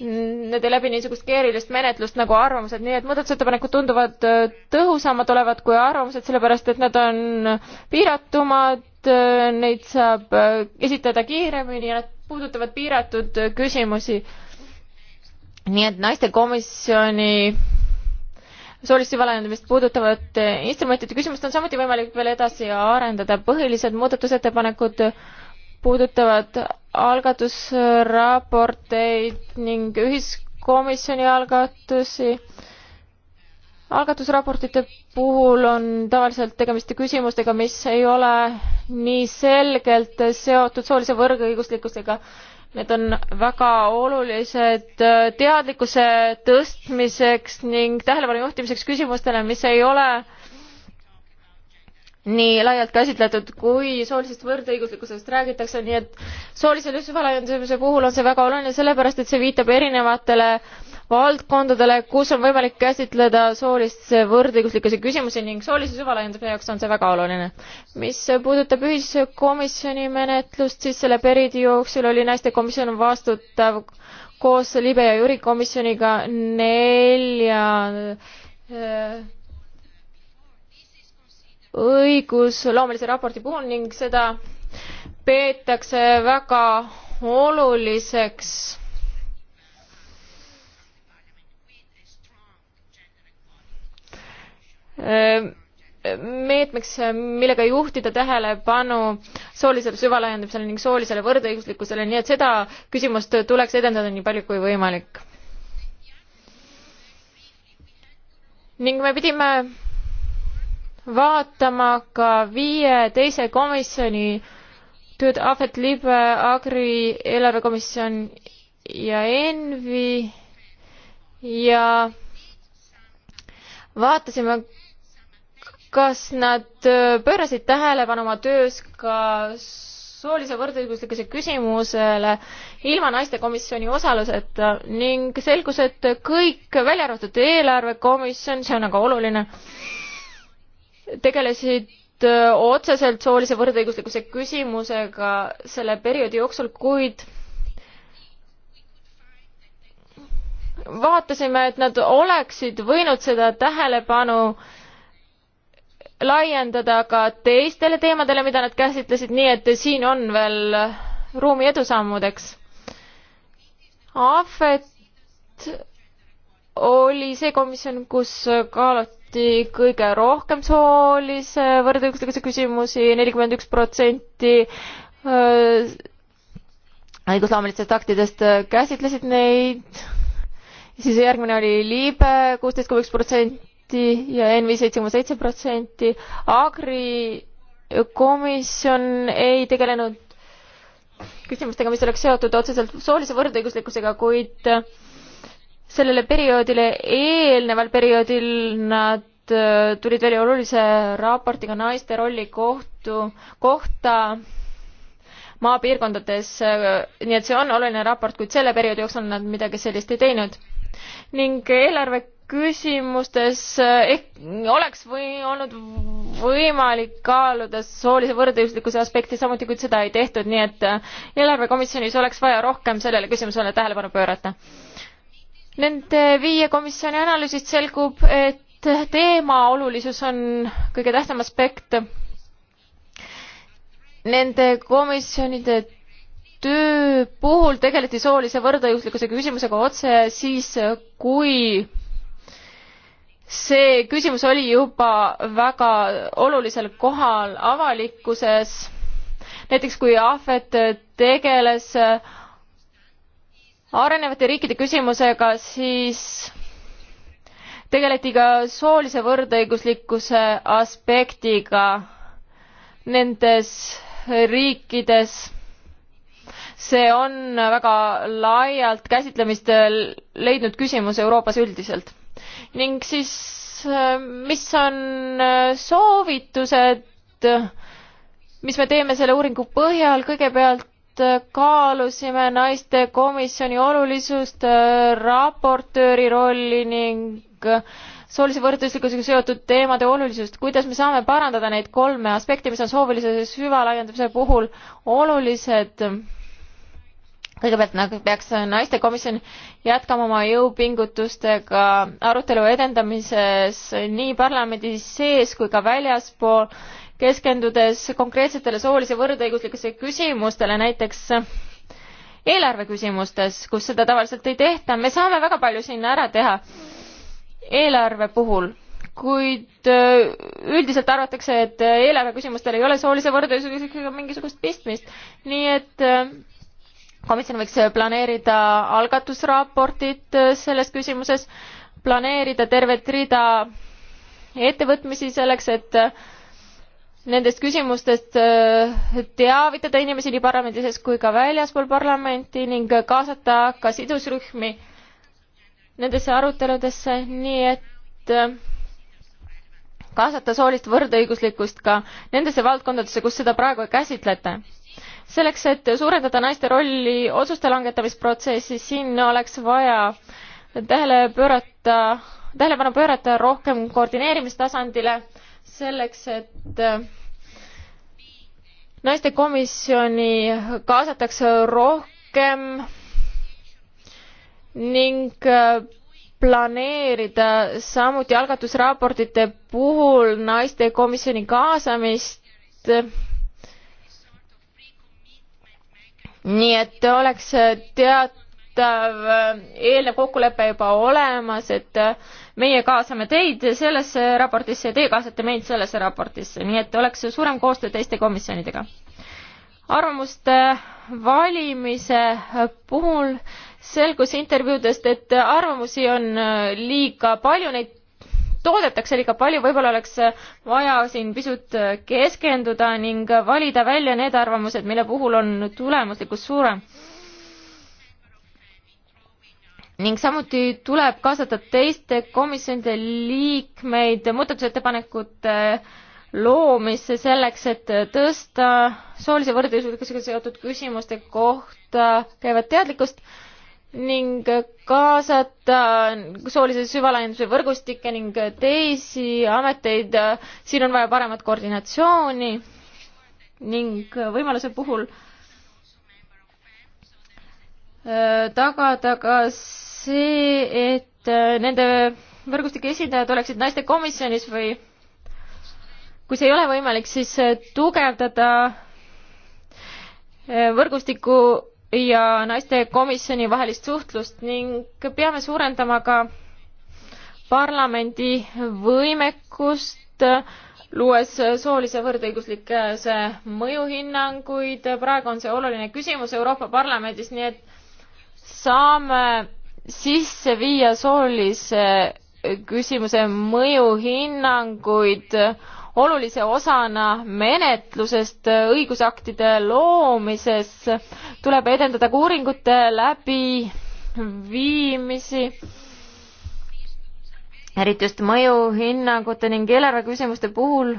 need ei läbi niisugust keerulist menetlust nagu arvamused, nii et muudatusettepanekud tunduvad äh, tõhusamad olevat kui arvamused, sellepärast et nad on piiratumad, äh, neid saab esitada kiiremini ja nad puudutavad piiratud küsimusi. nii et naistekomisjoni soolist süvalaiendamist puudutavate instrumentide küsimust on samuti võimalik veel edasi arendada. põhilised muudatusettepanekud puudutavad algatusraporteid ning ühiskomisjoni algatusi äh, algatusraportite puhul on tavaliselt tegemist küsimustega, mis ei ole nii selgelt seotud soolise võrdõiguslikkusega. Need on väga olulised teadlikkuse tõstmiseks ning tähelepanu juhtimiseks küsimustele, mis ei ole nii laialt käsitletud, kui soolisest võrdõiguslikkusest räägitakse, nii et soolise lüsvalaiendamise puhul on see väga oluline, sellepärast et see viitab erinevatele äh, valdkondadele, kus on võimalik käsitleda soolise võrdõiguslikkuse küsimusi ning soolise süvalaiendamise jaoks on see väga oluline. mis puudutab ühiskomisjoni menetlust, siis selle perioodi jooksul oli naistekomisjon vastutav koos libe ja jüri komisjoniga nelja äh, õigusloomelise raporti puhul ning seda peetakse väga oluliseks meetmeks, millega juhtida tähelepanu soolisele süvalaiendamisele ning soolisele võrdõiguslikkusele, nii et seda küsimust tuleks edendada nii palju kui võimalik. ning me pidime vaatama ka viie teise komisjoni tööd, Ahvet Libe, Agri eelarvekomisjon ja Envi ja vaatasime kas nad äh, pöörasid tähelepanu oma töös ka soolise võrdõiguslikkuse küsimusele ilma naistekomisjoni osaluseta ning selgus, et kõik, välja arvatud eelarvekomisjon, see on väga oluline, tegelesid äh, otseselt soolise võrdõiguslikkuse küsimusega selle perioodi jooksul, kuid vaatasime, et nad oleksid võinud seda tähelepanu äh, laiendada ka teistele teemadele, mida nad käsitlesid, nii et siin on veel ruumi edusammudeks. Ahvet oli see komisjon, kus kaaluti kõige rohkem soolise võrdõiguslikkuse küsimusi, nelikümmend üks protsenti äh, õigusloomelistest aktidest äh, käsitlesid neid, siis järgmine oli liibe, kuusteist koma üks protsenti protsenti ja ENV seitse koma seitse protsenti. Agri komisjon ei tegelenud küsimustega, mis oleks seotud otseselt soolise võrdõiguslikkusega, kuid sellele perioodile, eelneval perioodil nad äh, tulid välja olulise raportiga naiste rolli kohtu, kohta maapiirkondades, äh, nii et see on oluline raport, kuid selle perioodi jooksul nad midagi sellist ei teinud. ning eelarve küsimustes eh, ehk oleks või olnud võimalik kaaluda soolise võrdõiguslikkuse aspekti, samuti kuid seda ei tehtud, nii et eh, eelarvekomisjonis oleks vaja rohkem sellele küsimusele tähelepanu pöörata. Nende viie komisjoni analüüsist selgub, et teema olulisus on kõige tähtsam aspekt. Nende komisjonide töö puhul tegeleti soolise võrdõiguslikkuse küsimusega otse siis, kui see küsimus oli juba väga olulisel kohal avalikkuses. näiteks kui Ahvet tegeles arenevate riikide küsimusega, siis tegeleti ka soolise võrdõiguslikkuse aspektiga nendes riikides. see on väga laialt käsitlemist leidnud küsimus Euroopas üldiselt ning siis, äh, mis on äh, soovitused, mis me teeme selle uuringu põhjal, kõigepealt äh, kaalusime naiste komisjoni olulisust, raportööri rolli ning soolise võrdõiguslikkusega seotud teemade olulisust, kuidas me saame parandada neid kolme aspekti, mis on soovilise süvalaiendamise puhul olulised kõigepealt nagu peaks naistekomisjon jätkama oma jõupingutustega arutelu edendamises nii parlamendi sees kui ka väljaspool, keskendudes konkreetsetele soolise võrdõiguslikkuse küsimustele, näiteks eelarve küsimustes, kus seda tavaliselt ei tehta, me saame väga palju siin ära teha eelarve puhul, kuid äh, üldiselt arvatakse, et eelarve küsimustel ei ole soolise võrdõiguslikkusega mingisugust pistmist, nii et äh, komisjon võiks planeerida algatusraportit äh, selles küsimuses, planeerida tervet rida ettevõtmisi selleks, et äh, nendest küsimustest äh, teavitada inimesi nii parlamendi sees kui ka väljaspool parlamenti ning kaasata ka sidusrühmi nendesse aruteludesse, nii et kaasata soolist võrdõiguslikkust ka nendesse valdkondadesse, kus seda praegu ei käsitleta selleks, et suurendada naiste rolli otsuste langetamisprotsessis, siin oleks vaja tähele pöörata, tähelepanu pöörata rohkem koordineerimistasandile, selleks et äh, naistekomisjoni kaasatakse rohkem ning äh, planeerida samuti algatusraportite puhul naistekomisjoni kaasamist äh, nii et oleks teatav eh, eelnev kokkulepe juba olemas, et eh, meie kaasame teid sellesse raportisse ja teie kaasate meid sellesse raportisse, nii et oleks suurem koostöö teiste komisjonidega. arvamuste valimise puhul selgus intervjuudest, et arvamusi on eh, liiga palju, neid toodetakse liiga palju, võib-olla oleks vaja siin pisut keskenduda ning valida välja need arvamused, mille puhul on tulemuslikkus suurem. ning samuti tuleb kaasata teiste komisjonide liikmeid muudatusettepanekute loomisse selleks, et tõsta soolise võrdõiguslikkusega seotud küsimuste kohta käivat teadlikkust ning kaasata soolise süvalaienduse võrgustikke ning teisi ameteid. siin on vaja paremat koordinatsiooni ning võimaluse puhul äh, tagada ka see, et äh, nende võrgustike esindajad oleksid naiste komisjonis või kui see ei ole võimalik, siis äh, tugevdada võrgustiku ja naiste komisjoni vahelist suhtlust ning peame suurendama ka parlamendi võimekust, luues soolise võrdõiguslikkuse mõjuhinnanguid. praegu on see oluline küsimus Euroopa Parlamendis, nii et saame sisse viia soolise küsimuse mõjuhinnanguid olulise osana menetlusest õigusaktide loomises. tuleb edendada ka uuringute läbiviimisi eriti just mõjuhinnangute ning eelarve küsimuste puhul,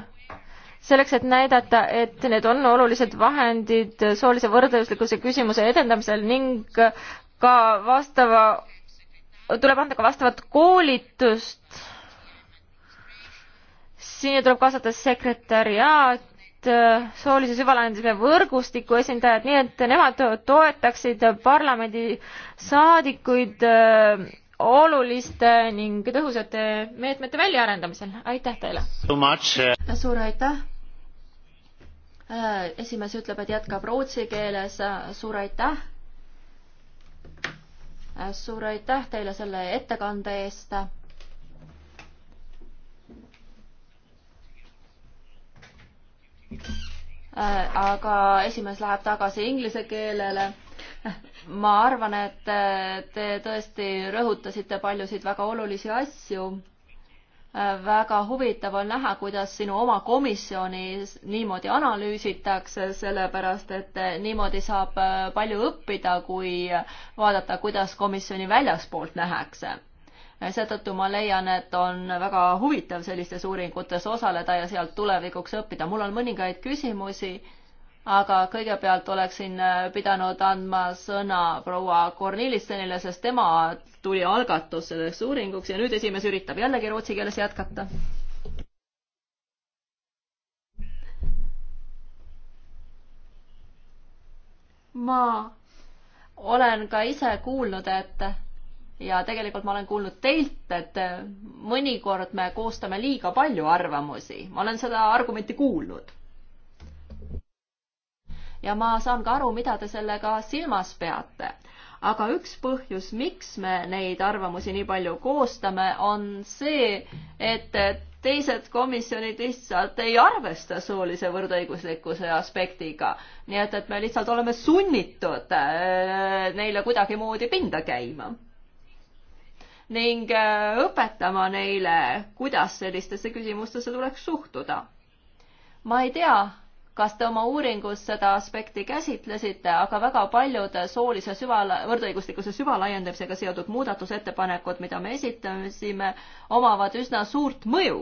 selleks, et näidata, et need on olulised vahendid soolise võrdõiguslikkuse küsimuse edendamisel ning ka vastava, tuleb anda ka vastavat koolitust siin tuleb kaasata sekretäriaat, äh, soolise süvalaienduse võrgustiku esindajad, nii et nemad toetaksid parlamendi saadikuid äh, oluliste ning tõhusate meetmete väljaarendamisel. aitäh teile! Äh. suur aitäh! esimees ütleb, et jätkab rootsi keeles. suur aitäh! suur aitäh teile selle ettekande eest! Äh, aga esimees läheb tagasi inglise keelele. ma arvan, et äh, te tõesti rõhutasite paljusid väga olulisi asju. Äh, väga huvitav on näha, kuidas sinu oma komisjoni niimoodi analüüsitakse, sellepärast et niimoodi saab palju õppida, kui vaadata, kuidas komisjoni väljaspoolt nähakse seetõttu ma leian, et on väga huvitav sellistes uuringutes osaleda ja sealt tulevikuks õppida. mul on mõningaid küsimusi, aga kõigepealt oleksin äh, pidanud andma sõna proua Kornelissenile, sest tema tuli algatus selleks uuringuks ja nüüd esimees üritab jällegi rootsi keeles jätkata. ma olen ka ise kuulnud, et ja tegelikult ma olen kuulnud teilt, et äh, mõnikord me koostame liiga palju arvamusi, ma olen seda argumenti kuulnud. ja ma saan ka aru, mida te sellega silmas peate. aga üks põhjus, miks me neid arvamusi nii palju koostame, on see, et teised komisjonid lihtsalt ei arvesta soolise võrdõiguslikkuse aspektiga. nii et, et me lihtsalt oleme sunnitud äh, neile kuidagimoodi pinda käima ning äh, õpetama neile, kuidas sellistesse küsimustesse tuleks suhtuda. ma ei tea, kas te oma uuringus seda aspekti käsitlesite, aga väga paljud soolise süvala, võrdõiguslikkuse süvalaiendamisega seotud muudatusettepanekud, mida me esitasime, omavad üsna suurt mõju.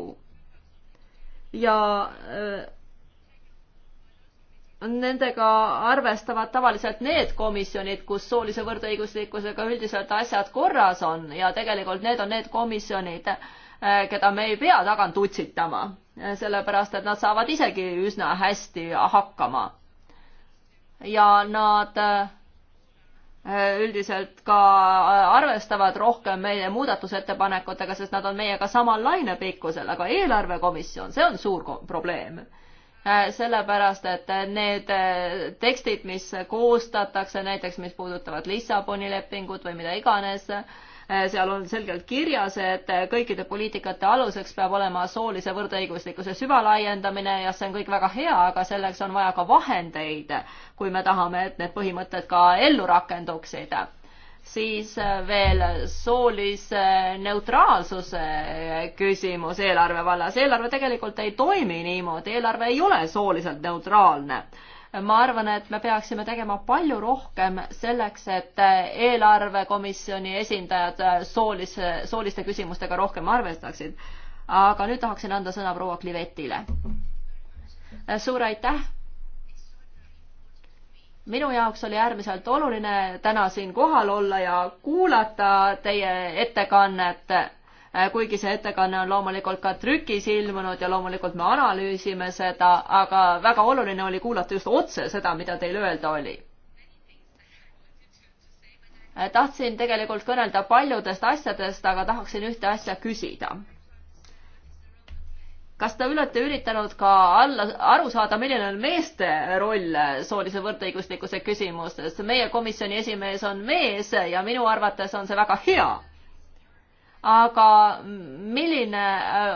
ja äh, nendega arvestavad tavaliselt need komisjonid, kus soolise võrdõiguslikkusega üldiselt asjad korras on ja tegelikult need on need komisjonid, eh, keda me ei pea tagant utsitama, eh, sellepärast et nad saavad isegi üsna hästi hakkama. ja nad eh, üldiselt ka arvestavad rohkem meie muudatusettepanekutega, sest nad on meiega samal lainepikkusel, aga eelarvekomisjon, see on suur probleem Äh, sellepärast et äh, need äh, tekstid, mis koostatakse, näiteks mis puudutavad Lissaboni lepingut või mida iganes, seal on selgelt kirjas, et kõikide poliitikate aluseks peab olema soolise võrdõiguslikkuse süvalaiendamine ja see on kõik väga hea, aga selleks on vaja ka vahendeid, kui me tahame, et need põhimõtted ka ellu rakenduksid siis äh, veel soolise neutraalsuse äh, küsimus eelarve vallas. eelarve tegelikult ei toimi niimoodi, eelarve ei ole sooliselt neutraalne ma arvan, et me peaksime tegema palju rohkem selleks, et äh, eelarvekomisjoni esindajad soolise, sooliste küsimustega rohkem arvestaksid. aga nüüd tahaksin anda sõna proua Klivetile. suur aitäh minu jaoks oli äärmiselt oluline täna siin kohal olla ja kuulata teie ettekannet, äh, kuigi see ettekanne on loomulikult ka trükis ilmunud ja loomulikult me analüüsime seda, aga väga oluline oli kuulata just otse seda, mida teil öelda oli. Äh, tahtsin tegelikult kõnelda paljudest asjadest, aga tahaksin ühte asja küsida kas te olete üritanud ka alla, aru saada, milline on meeste roll soolise võrdõiguslikkuse küsimustes? meie komisjoni esimees on mees ja minu arvates on see väga hea. aga milline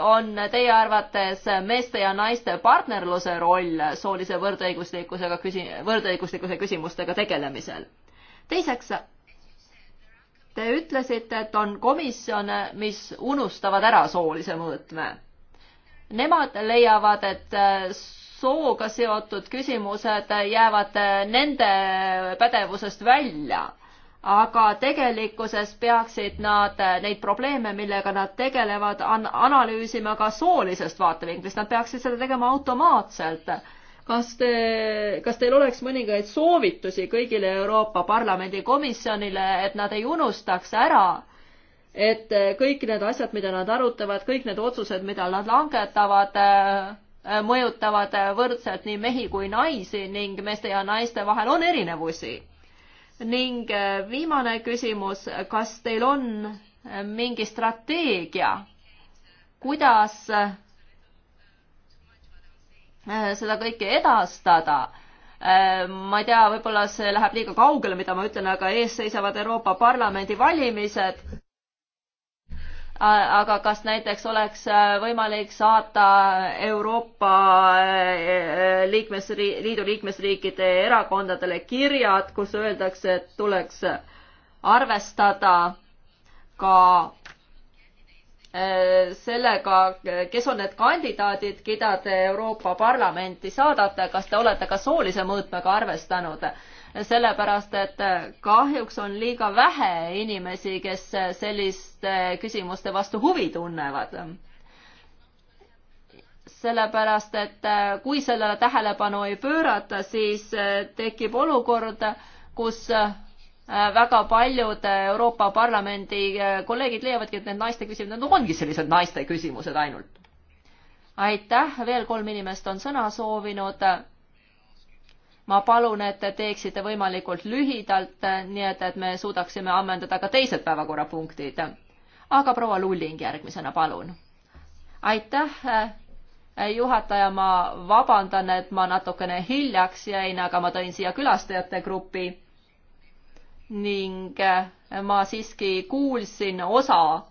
on teie arvates meeste ja naiste partnerluse roll soolise võrdõiguslikkusega küsi-, võrdõiguslikkuse küsimustega tegelemisel? teiseks, te ütlesite, et on komisjone, mis unustavad ära soolise mõõtme Nemad leiavad, et äh, sooga seotud küsimused jäävad äh, nende pädevusest välja, aga tegelikkuses peaksid nad äh, neid probleeme, millega nad tegelevad an, analüüsima ka soolisest vaatevinklist, nad peaksid seda tegema automaatselt. kas te, kas teil oleks mõningaid soovitusi kõigile Euroopa Parlamendi komisjonile, et nad ei unustaks ära äh, et äh, kõik need asjad, mida nad arutavad, kõik need otsused, mida nad langetavad, äh, mõjutavad äh, võrdselt nii mehi kui naisi ning meeste ja naiste vahel on erinevusi. ning viimane küsimus, kas teil on mingi strateegia, kuidas seda kõike edastada? ma ei tea, võib-olla see läheb liiga kaugele, mida ma ütlen, aga ees seisavad Euroopa Parlamendi valimised aga kas näiteks oleks äh, võimalik saata Euroopa äh, äh, liikmesriigi, liidu liikmesriikide erakondadele kirjad, kus öeldakse, et tuleks arvestada ka sellega, kes on need kandidaadid, keda te Euroopa Parlamenti saadate, kas te olete ka soolise mõõtmega arvestanud? sellepärast et kahjuks on liiga vähe inimesi, kes selliste küsimuste vastu huvi tunnevad sellepärast et kui sellele tähelepanu ei pöörata, siis tekib olukord, kus väga paljud Euroopa Parlamendi kolleegid leiavadki, et need naiste küsimused no, ongi sellised naiste küsimused ainult. aitäh, veel kolm inimest on sõna soovinud ma palun, et te teeksite võimalikult lühidalt, nii et, et me suudaksime ammendada ka teised päevakorrapunktid. aga proua Lulling järgmisena, palun. aitäh, eh, juhataja, ma vabandan, et ma natukene hiljaks jäin, aga ma tõin siia külastajate grupi ning eh, ma siiski kuulsin osa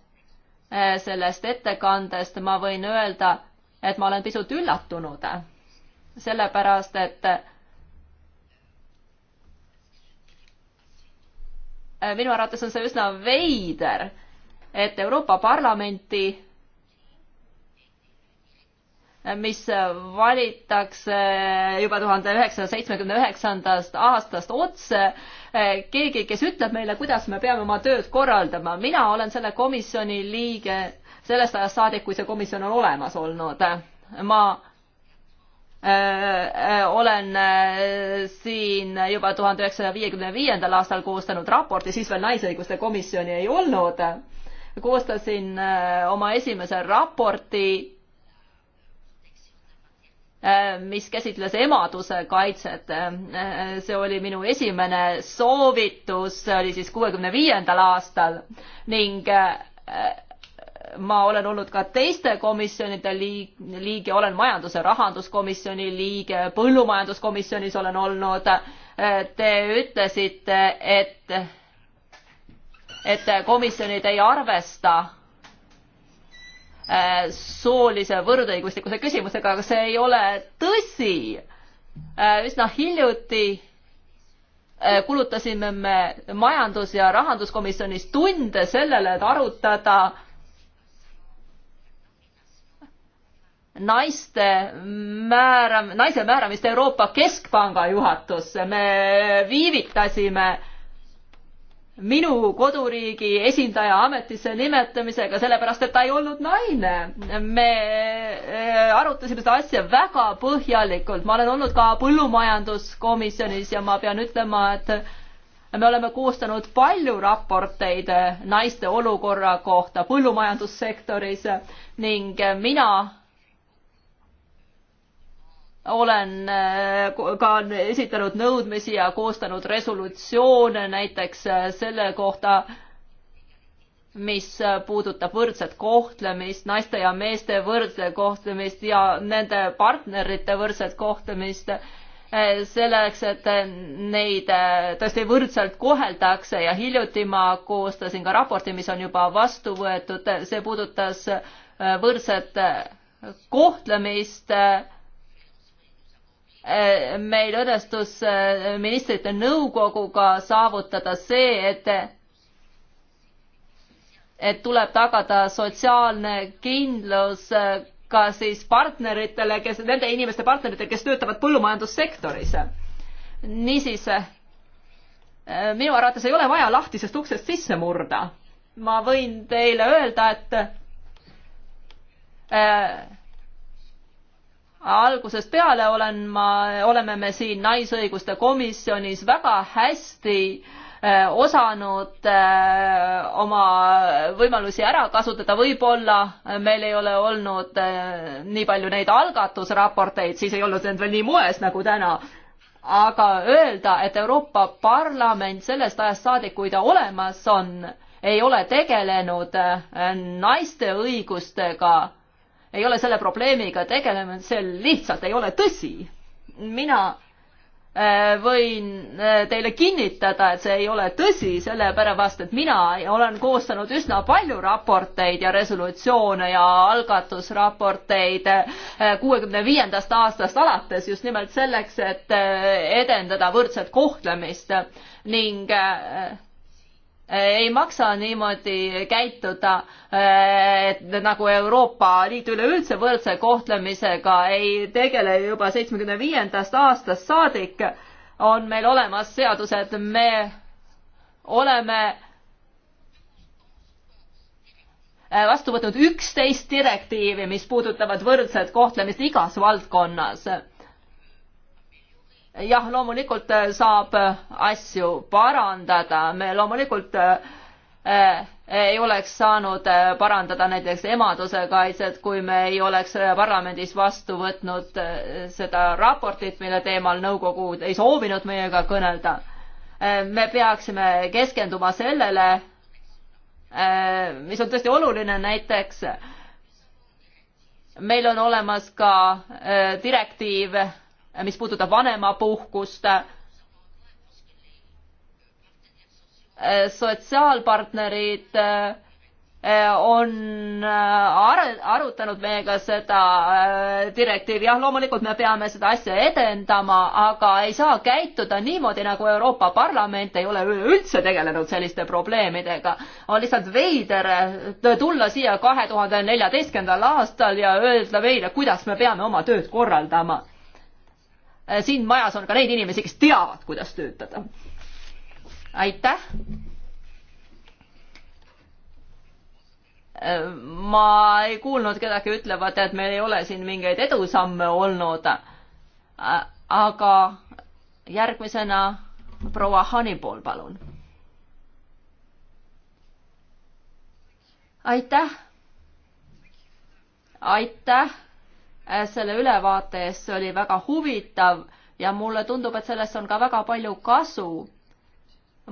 eh, sellest ettekandest, ma võin öelda, et ma olen pisut üllatunud, sellepärast et Äh, minu arvates on see üsna veider, et Euroopa Parlamenti, äh, mis valitakse äh, juba tuhande üheksasaja seitsmekümne üheksandast aastast otse, keegi, kes ütleb meile, kuidas me peame oma tööd korraldama. mina olen selle komisjoni liige sellest ajast saadik, kui see komisjon on olemas olnud. ma Äh, äh, olen äh, siin juba tuhande üheksasaja viiekümne viiendal aastal koostanud raporti, siis veel Naisõiguste Komisjoni ei olnud. koostasin oma esimese raporti, mis käsitles emaduse kaitset. see oli minu esimene soovitus, see oli siis kuuekümne viiendal aastal ning ma olen olnud ka teiste komisjonide liig-, liige, olen majandus- ja rahanduskomisjoni liige, põllumajanduskomisjonis olen olnud. Te ütlesite, et, et komisjonid ei arvesta äh, soolise võrdõiguslikkuse küsimusega, aga see ei ole tõsi. Äh, üsna hiljuti äh, kulutasime me majandus- ja rahanduskomisjonis tunde sellele, et arutada naiste määram-, naise määramist Euroopa Keskpanga juhatusse, me viivitasime minu koduriigi esindaja ametisse nimetamisega, sellepärast et ta ei olnud naine. me äh, arutasime seda asja väga põhjalikult, ma olen olnud ka põllumajanduskomisjonis ja ma pean ütlema, et me oleme koostanud palju raporteid naiste olukorra kohta põllumajandussektoris ning mina olen äh, ka esitanud nõudmisi ja koostanud resolutsioone näiteks äh, selle kohta, mis äh, puudutab võrdset kohtlemist, naiste ja meeste võrdset kohtlemist ja nende partnerite võrdset kohtlemist, selleks, et neid tõesti võrdselt koheldakse ja hiljuti ma koostasin ka raporti, mis on juba vastu võetud, see puudutas võrdset kohtlemist Eh, meil õnnestus eh, ministrite nõukoguga saavutada see, et et tuleb tagada sotsiaalne kindlus eh, ka siis partneritele, kes, nende inimeste partneritele, kes töötavad põllumajandussektoris. niisiis, minu arvates ei ole vaja lahtisest uksest sisse murda. ma võin teile öelda, et algusest peale olen ma, oleme me siin naisõiguste komisjonis väga hästi äh, osanud äh, oma võimalusi ära kasutada, võib-olla äh, meil ei ole olnud nii palju neid algatusraporteid, siis ei olnud need veel nii moes nagu täna, aga öelda, et Euroopa Parlament sellest ajast saadik, kui ta olemas on, ei ole tegelenud naiste õigustega ei ole selle probleemiga tegelenud, see lihtsalt ei ole tõsi. mina äh, võin äh, teile kinnitada, et see ei ole tõsi, sellepärast et mina olen koostanud üsna palju raporteid ja resolutsioone ja algatusraporteid äh, kuuekümne viiendast aastast alates just nimelt selleks, et edendada võrdset kohtlemist ning ei maksa niimoodi käituda, et nagu Euroopa Liit üleüldse võrdse kohtlemisega ei tegele juba seitsmekümne viiendast aastast saadik, on meil olemas seadused, me oleme vastu võtnud üksteist direktiivi, mis puudutavad võrdset kohtlemist igas valdkonnas jah, loomulikult äh, saab äh, asju parandada, me loomulikult äh, ei oleks saanud parandada näiteks emaduse kaitset, kui me ei oleks parlamendis vastu võtnud seda raportit, mille teemal nõukogu ei soovinud meiega kõnelda. me peaksime keskenduma sellele, mis on tõesti oluline, näiteks meil on olemas ka direktiiv mis puudutab vanemapuhkust. sotsiaalpartnerid eh, on eh, arutanud meiega seda eh, direktiivi, jah, loomulikult me peame seda asja edendama, aga ei saa käituda niimoodi, nagu Euroopa Parlament ei ole üleüldse tegelenud selliste probleemidega. on lihtsalt veider tulla siia kahe tuhande neljateistkümnendal aastal ja öelda meile, kuidas me peame oma tööd korraldama Äh, siin majas on ka neid inimesi, kes teavad, kuidas töötada. aitäh. Äh, ma ei kuulnud kedagi ütlevat, et meil ei ole siin mingeid edusamme olnud. Äh, aga järgmisena proua Hanipool, palun. aitäh. aitäh Äh, selle ülevaate eest, see oli väga huvitav ja mulle tundub, et sellest on ka väga palju kasu.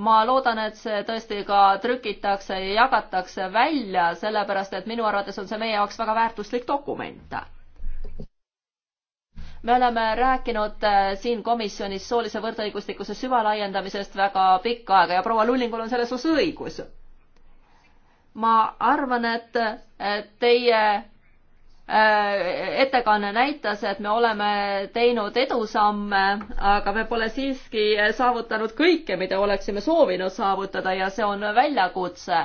ma loodan, et see tõesti ka trükitakse ja jagatakse välja, sellepärast et minu arvates on see meie jaoks väga väärtuslik dokument me oleme rääkinud äh, siin komisjonis soolise võrdõiguslikkuse süvalaiendamisest väga pikka aega ja proua Lullingul on selles osas õigus. ma arvan, et teie Äh, ettekanne näitas, et me oleme teinud edusamme, aga me pole siiski äh, saavutanud kõike, mida oleksime soovinud saavutada ja see on väljakutse.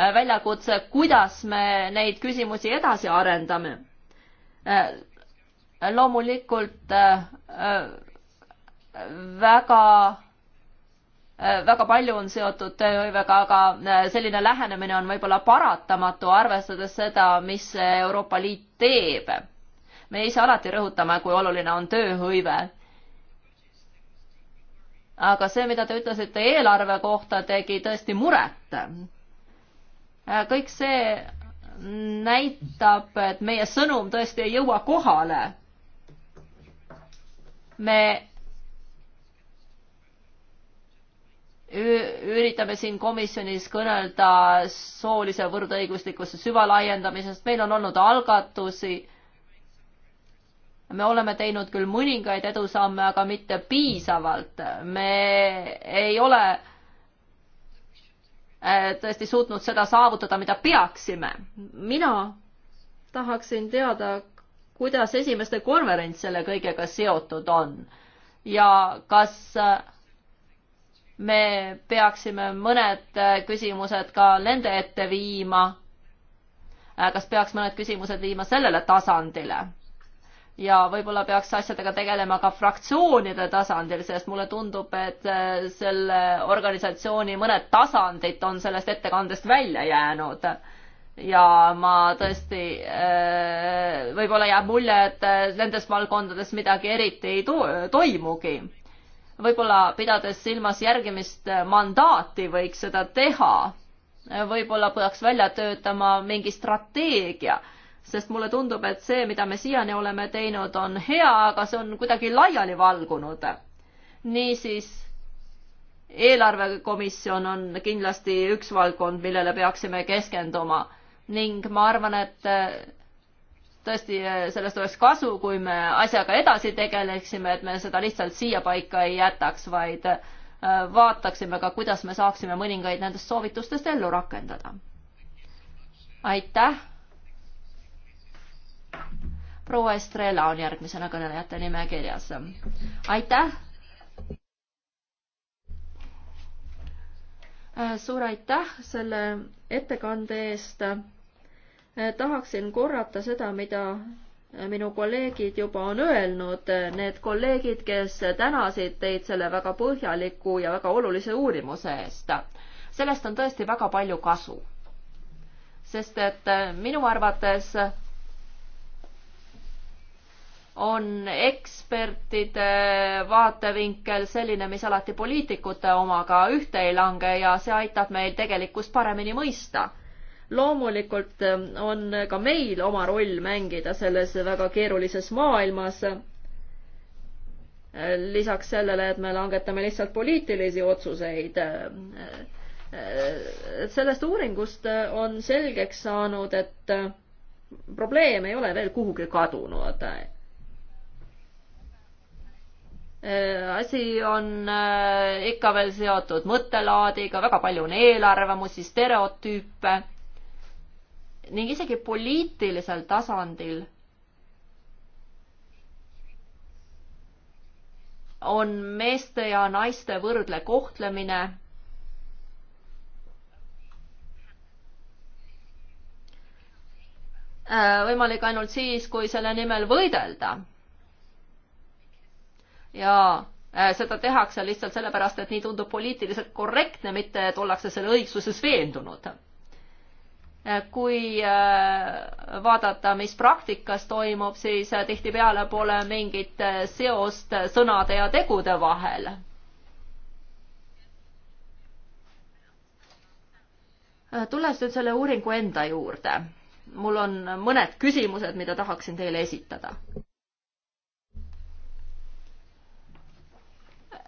Äh, väljakutse, kuidas me neid küsimusi edasi arendame. loomulikult väga Äh, väga palju on seotud tööhõivega, äh, aga äh, selline lähenemine on võib-olla paratamatu, arvestades seda, mis Euroopa Liit teeb. me ise alati rõhutame, kui oluline on tööhõive. aga see, mida te ütlesite eelarve kohta, tegi tõesti muret. kõik see näitab, et meie sõnum tõesti ei jõua kohale. me üritame siin komisjonis kõnelda soolise võrdõiguslikkuse süvalaiendamisest, meil on olnud algatusi. me oleme teinud küll mõningaid edusamme, aga mitte piisavalt. me ei ole äh, tõesti suutnud seda saavutada, mida peaksime. mina tahaksin teada, kuidas esimeste konverents selle kõigega seotud on ja kas äh, me peaksime mõned äh, küsimused ka nende ette viima. Äh, kas peaks mõned küsimused viima sellele tasandile? ja võib-olla peaks asjadega tegelema ka fraktsioonide tasandil, sest mulle tundub, et äh, selle organisatsiooni mõned tasandid on sellest ettekandest välja jäänud. ja ma tõesti, võib-olla jääb mulje, et nendes valdkondades midagi eriti ei to toimugi võib-olla pidades silmas järgimist eh, mandaati, võiks seda teha. Eh, võib-olla peaks välja töötama mingi strateegia, sest mulle tundub, et see, mida me siiani oleme teinud, on hea, aga see on kuidagi laiali valgunud. niisiis, eelarvekomisjon on kindlasti üks valdkond, millele peaksime keskenduma ning ma arvan, et eh, tõesti, eh, sellest oleks kasu, kui me asjaga edasi tegeleksime, et me seda lihtsalt siiapaika ei jätaks, vaid eh, vaataksime ka, kuidas me saaksime mõningaid nendest soovitustest ellu rakendada. aitäh. proua Estrela on järgmisena kõnelejate nimekirjas. aitäh. Eh, suur aitäh selle ettekande eest Eh, tahaksin korrata seda, mida eh, minu kolleegid juba on öelnud, eh, need kolleegid, kes tänasid teid selle väga põhjaliku ja väga olulise uurimuse eest. sellest on tõesti väga palju kasu. sest et minu arvates on ekspertide vaatevinkel selline, mis alati poliitikute omaga ühte ei lange ja see aitab meil tegelikkust paremini mõista loomulikult ähm, on ka meil oma roll mängida selles väga keerulises maailmas. Äh, lisaks sellele, et me langetame lihtsalt poliitilisi otsuseid. Äh, äh, sellest uuringust on selgeks saanud, et probleem ei ole veel kuhugi kadunud asi on ikka veel seotud mõttelaadiga, väga palju on eelarvamusi, stereotüüpe ning isegi poliitilisel tasandil on meeste ja naiste võrdle kohtlemine äh, võimalik ainult siis, kui selle nimel võidelda. ja äh, seda tehakse lihtsalt sellepärast, et nii tundub poliitiliselt korrektne, mitte et ollakse selle õigsuses veendunud kui äh, vaadata, mis praktikas toimub, siis äh, tihtipeale pole mingit äh, seost sõnade ja tegude vahel. tulles nüüd selle uuringu enda juurde, mul on mõned küsimused, mida tahaksin teile esitada.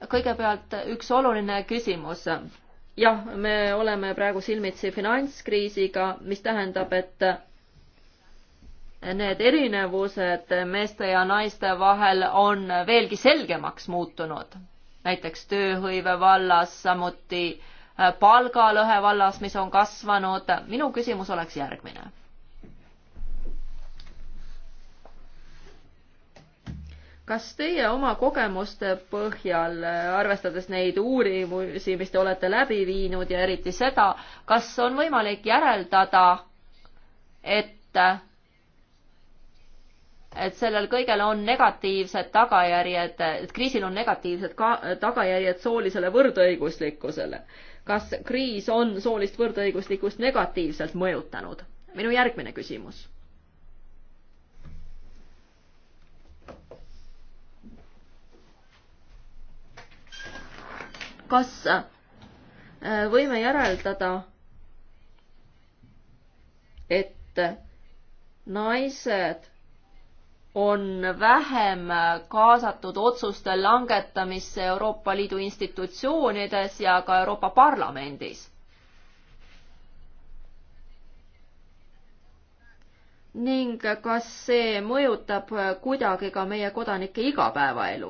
kõigepealt üks oluline küsimus jah, me oleme praegu silmitsi finantskriisiga, mis tähendab, et need erinevused meeste ja naiste vahel on veelgi selgemaks muutunud. näiteks tööhõive vallas, samuti palgalõhe vallas, mis on kasvanud. minu küsimus oleks järgmine kas teie oma kogemuste põhjal, arvestades neid uurimusi, mis te olete läbi viinud ja eriti seda, kas on võimalik järeldada, et, et sellel kõigel on negatiivsed tagajärjed, et kriisil on negatiivsed ka, tagajärjed soolisele võrdõiguslikkusele? kas kriis on soolist võrdõiguslikkust negatiivselt mõjutanud? minu järgmine küsimus kas äh, võime järeldada, et naised on vähem kaasatud otsuste langetamisse Euroopa Liidu institutsioonides ja ka Euroopa Parlamendis. ning kas see mõjutab kuidagi ka meie kodanike igapäevaelu?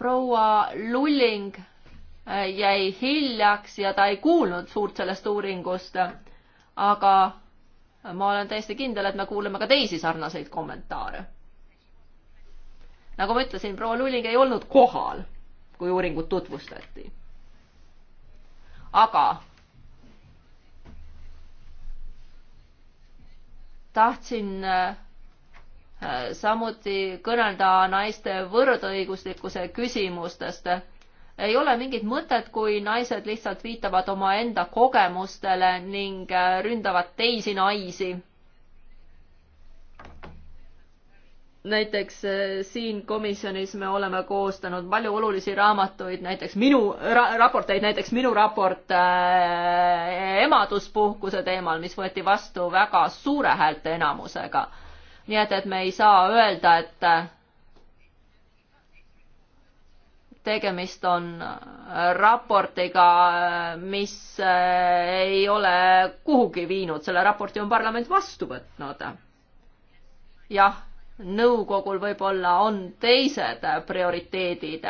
proua Lulling äh, jäi hiljaks ja ta ei kuulnud suurt sellest uuringust, aga ma olen täiesti kindel, et me kuuleme ka teisi sarnaseid kommentaare. nagu ma ütlesin, proua Luling ei olnud kohal, kui uuringut tutvustati. aga tahtsin äh, samuti kõnelda naiste võrdõiguslikkuse küsimustest. ei ole mingit mõtet, kui naised lihtsalt viitavad omaenda kogemustele ning äh, ründavad teisi naisi. näiteks äh, siin komisjonis me oleme koostanud palju olulisi raamatuid, näiteks minu ra, raporteid, näiteks minu raport äh, emaduspuhkuse teemal, mis võeti vastu väga suure häälteenamusega äh, nii et, et me ei saa öelda, et äh, tegemist on äh, raportiga, äh, mis ei ole kuhugi viinud, selle raporti on parlament vastu võtnud. jah, nõukogul võib-olla on teised prioriteedid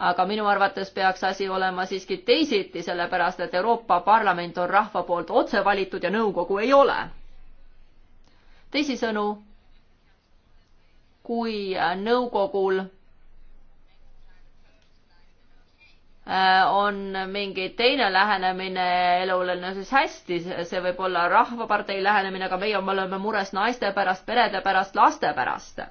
aga minu arvates peaks asi olema siiski teisiti, sellepärast et Euroopa Parlament on rahva poolt otse valitud ja nõukogu ei ole. teisisõnu, kui äh, nõukogul äh, on mingi teine lähenemine elule, no siis hästi, see võib olla Rahvapartei lähenemine, aga meie oleme mures naiste pärast, perede pärast, laste pärast.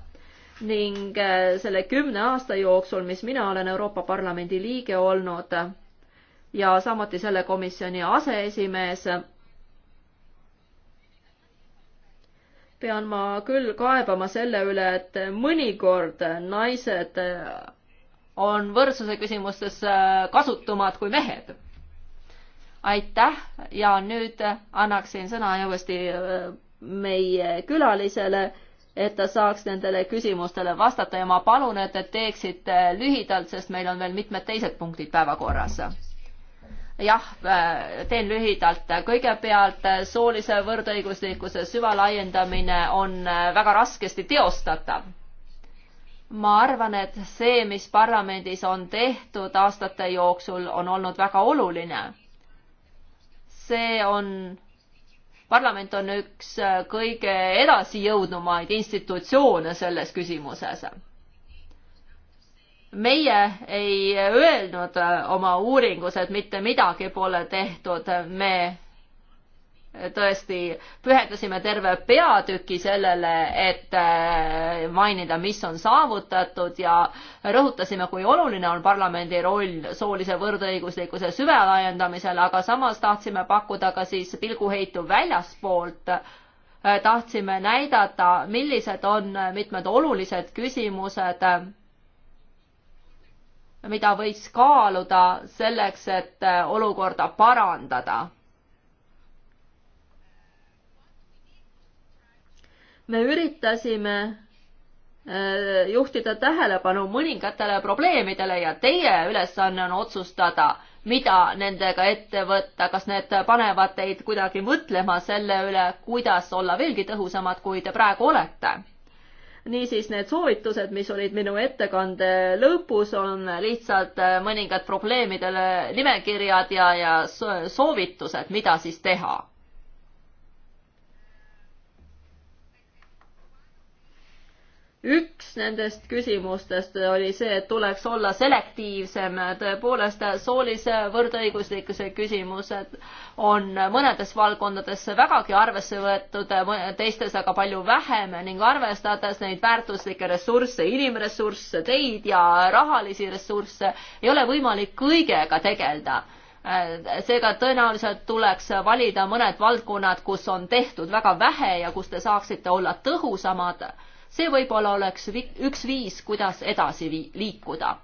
ning äh, selle kümne aasta jooksul, mis mina olen Euroopa Parlamendi liige olnud ja samuti selle komisjoni aseesimees, pean ma küll kaebama selle üle, et mõnikord naised on võrdsuse küsimustes kasutumad kui mehed. aitäh ja nüüd annaksin sõna uuesti meie külalisele, et ta saaks nendele küsimustele vastata ja ma palun, et te teeksite lühidalt, sest meil on veel mitmed teised punktid päevakorras jah, äh, teen lühidalt. kõigepealt äh, soolise võrdõiguslikkuse süvalaiendamine on äh, väga raskesti teostatav. ma arvan, et see, mis parlamendis on tehtud aastate jooksul, on olnud väga oluline. see on, parlament on üks kõige edasijõudnumaid institutsioone selles küsimuses meie ei öelnud äh, oma uuringus, et mitte midagi pole tehtud, me tõesti pühendasime terve peatüki sellele, et äh, mainida, mis on saavutatud ja rõhutasime, kui oluline on parlamendi roll soolise võrdõiguslikkuse süvelaiendamisel, aga samas tahtsime pakkuda ka siis pilguheitu väljaspoolt äh, tahtsime näidata, millised on mitmed olulised küsimused mida võiks kaaluda selleks, et äh, olukorda parandada. me üritasime äh, juhtida tähelepanu mõningatele probleemidele ja teie ülesanne on otsustada, mida nendega ette võtta, kas need panevad teid kuidagi mõtlema selle üle, kuidas olla veelgi tõhusamad, kui te praegu olete niisiis need soovitused, mis olid minu ettekande lõpus, on lihtsalt äh, mõningad probleemidele nimekirjad ja, ja soovitused, mida siis teha üks nendest küsimustest oli see, et tuleks olla selektiivsem, tõepoolest soolise võrdõiguslikkuse küsimused on mõnedes valdkondades vägagi arvesse võetud, teistes aga palju vähem ning arvestades neid väärtuslikke ressursse, inimressursse, teid ja rahalisi ressursse, ei ole võimalik kõigega tegeleda seega tõenäoliselt tuleks valida mõned valdkonnad, kus on tehtud väga vähe ja kus te saaksite olla tõhusamad see võib-olla oleks üks viis, kuidas edasi liikuda.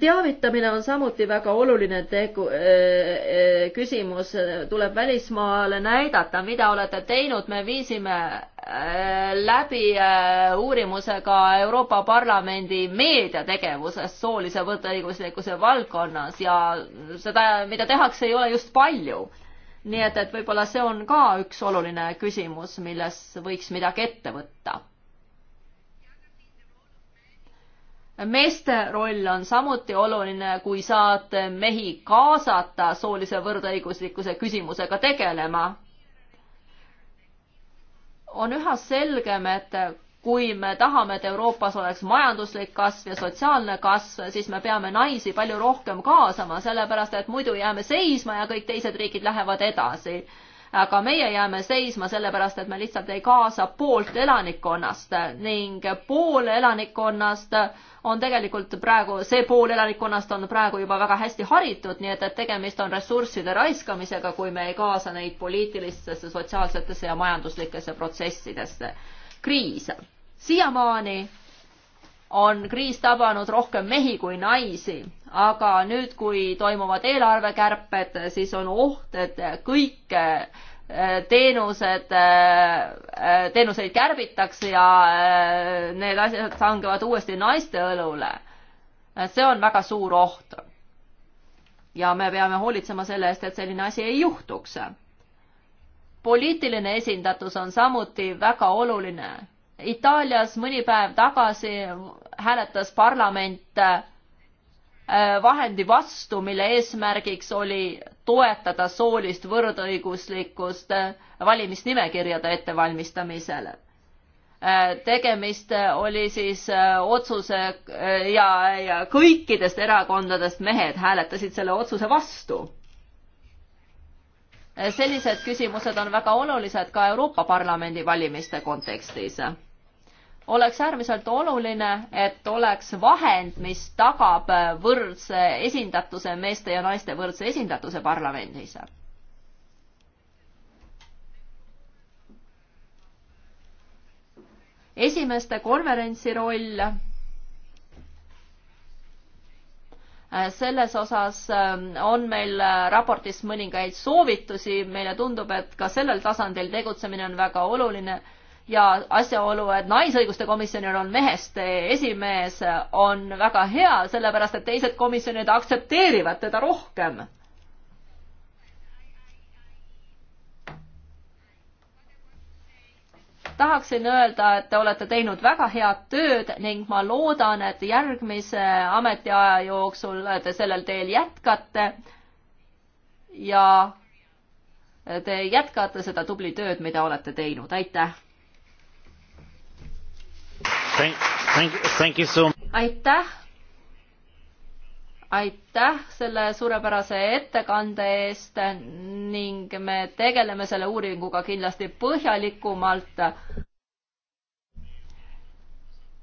teavitamine on samuti väga oluline tegu äh, äh,, küsimus, tuleb välismaale näidata, mida olete teinud, me viisime äh, läbi äh, uurimuse ka Euroopa Parlamendi meediategevusest soolise võrdõiguslikkuse valdkonnas ja seda, mida tehakse, ei ole just palju nii et, et võib-olla see on ka üks oluline küsimus, milles võiks midagi ette võtta. meeste roll on samuti oluline, kui saate mehi kaasata soolise võrdõiguslikkuse küsimusega tegelema on üha selgem, et kui me tahame, et Euroopas oleks majanduslik kasv ja sotsiaalne kasv, siis me peame naisi palju rohkem kaasama, sellepärast et muidu jääme seisma ja kõik teised riigid lähevad edasi. aga meie jääme seisma sellepärast, et me lihtsalt ei kaasa poolt elanikkonnast ning pool elanikkonnast on tegelikult praegu, see pool elanikkonnast on praegu juba väga hästi haritud, nii et, et tegemist on ressursside raiskamisega, kui me ei kaasa neid poliitilistesse, sotsiaalsetesse ja majanduslikesse protsessidesse. kriis siiamaani on kriis tabanud rohkem mehi kui naisi, aga nüüd, kui toimuvad eelarvekärped, siis on oht, et kõik eh, teenused, eh, eh, teenuseid kärbitakse ja need asjad langevad uuesti naiste õlule. see on väga suur oht. ja me peame hoolitsema selle eest, et selline asi ei juhtuks. poliitiline esindatus on samuti väga oluline Itaalias mõni päev tagasi hääletas parlament äh, vahendi vastu, mille eesmärgiks oli toetada soolist võrdõiguslikkust äh, valimisnimekirjade ettevalmistamisel. Äh, tegemist oli siis otsuse ja, ja kõikidest erakondadest mehed hääletasid selle otsuse vastu sellised küsimused on väga olulised ka Euroopa Parlamendi valimiste kontekstis oleks äärmiselt oluline, et oleks vahend, mis tagab võrdse esindatuse, meeste ja naiste võrdse esindatuse parlamendis. esimeste konverentsi roll selles osas ähm, on meil äh, raportis mõningaid soovitusi, meile tundub, et ka sellel tasandil tegutsemine on väga oluline ja asjaolu, et Naisõiguste komisjonil on mehest esimees, on väga hea, sellepärast et teised komisjonid aktsepteerivad teda rohkem. tahaksin öelda, et te olete teinud väga head tööd ning ma loodan, et järgmise ametiaja jooksul te sellel teel jätkate ja te jätkate seda tubli tööd, mida olete teinud, aitäh! So... aitäh, aitäh selle suurepärase ettekande eest ning me tegeleme selle uuringuga kindlasti põhjalikumalt.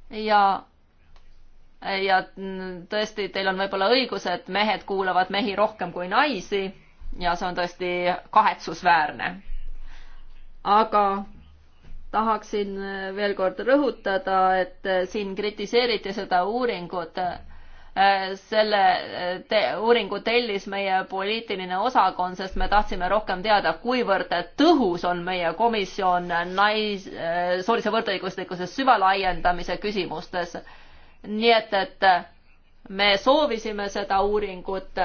ja ja tõesti, teil on võib-olla õigus, et mehed kuulavad mehi rohkem kui naisi ja see on tõesti kahetsusväärne. aga tahaksin äh, veel kord rõhutada, et äh, siin kritiseeriti seda uuringut. Äh, selle te uuringu tellis meie poliitiline osakond, sest me tahtsime rohkem teada, kuivõrd tõhus on meie komisjon nais, soolise võrdõiguslikkuse süvalaiendamise küsimustes. nii et, et me soovisime seda uuringut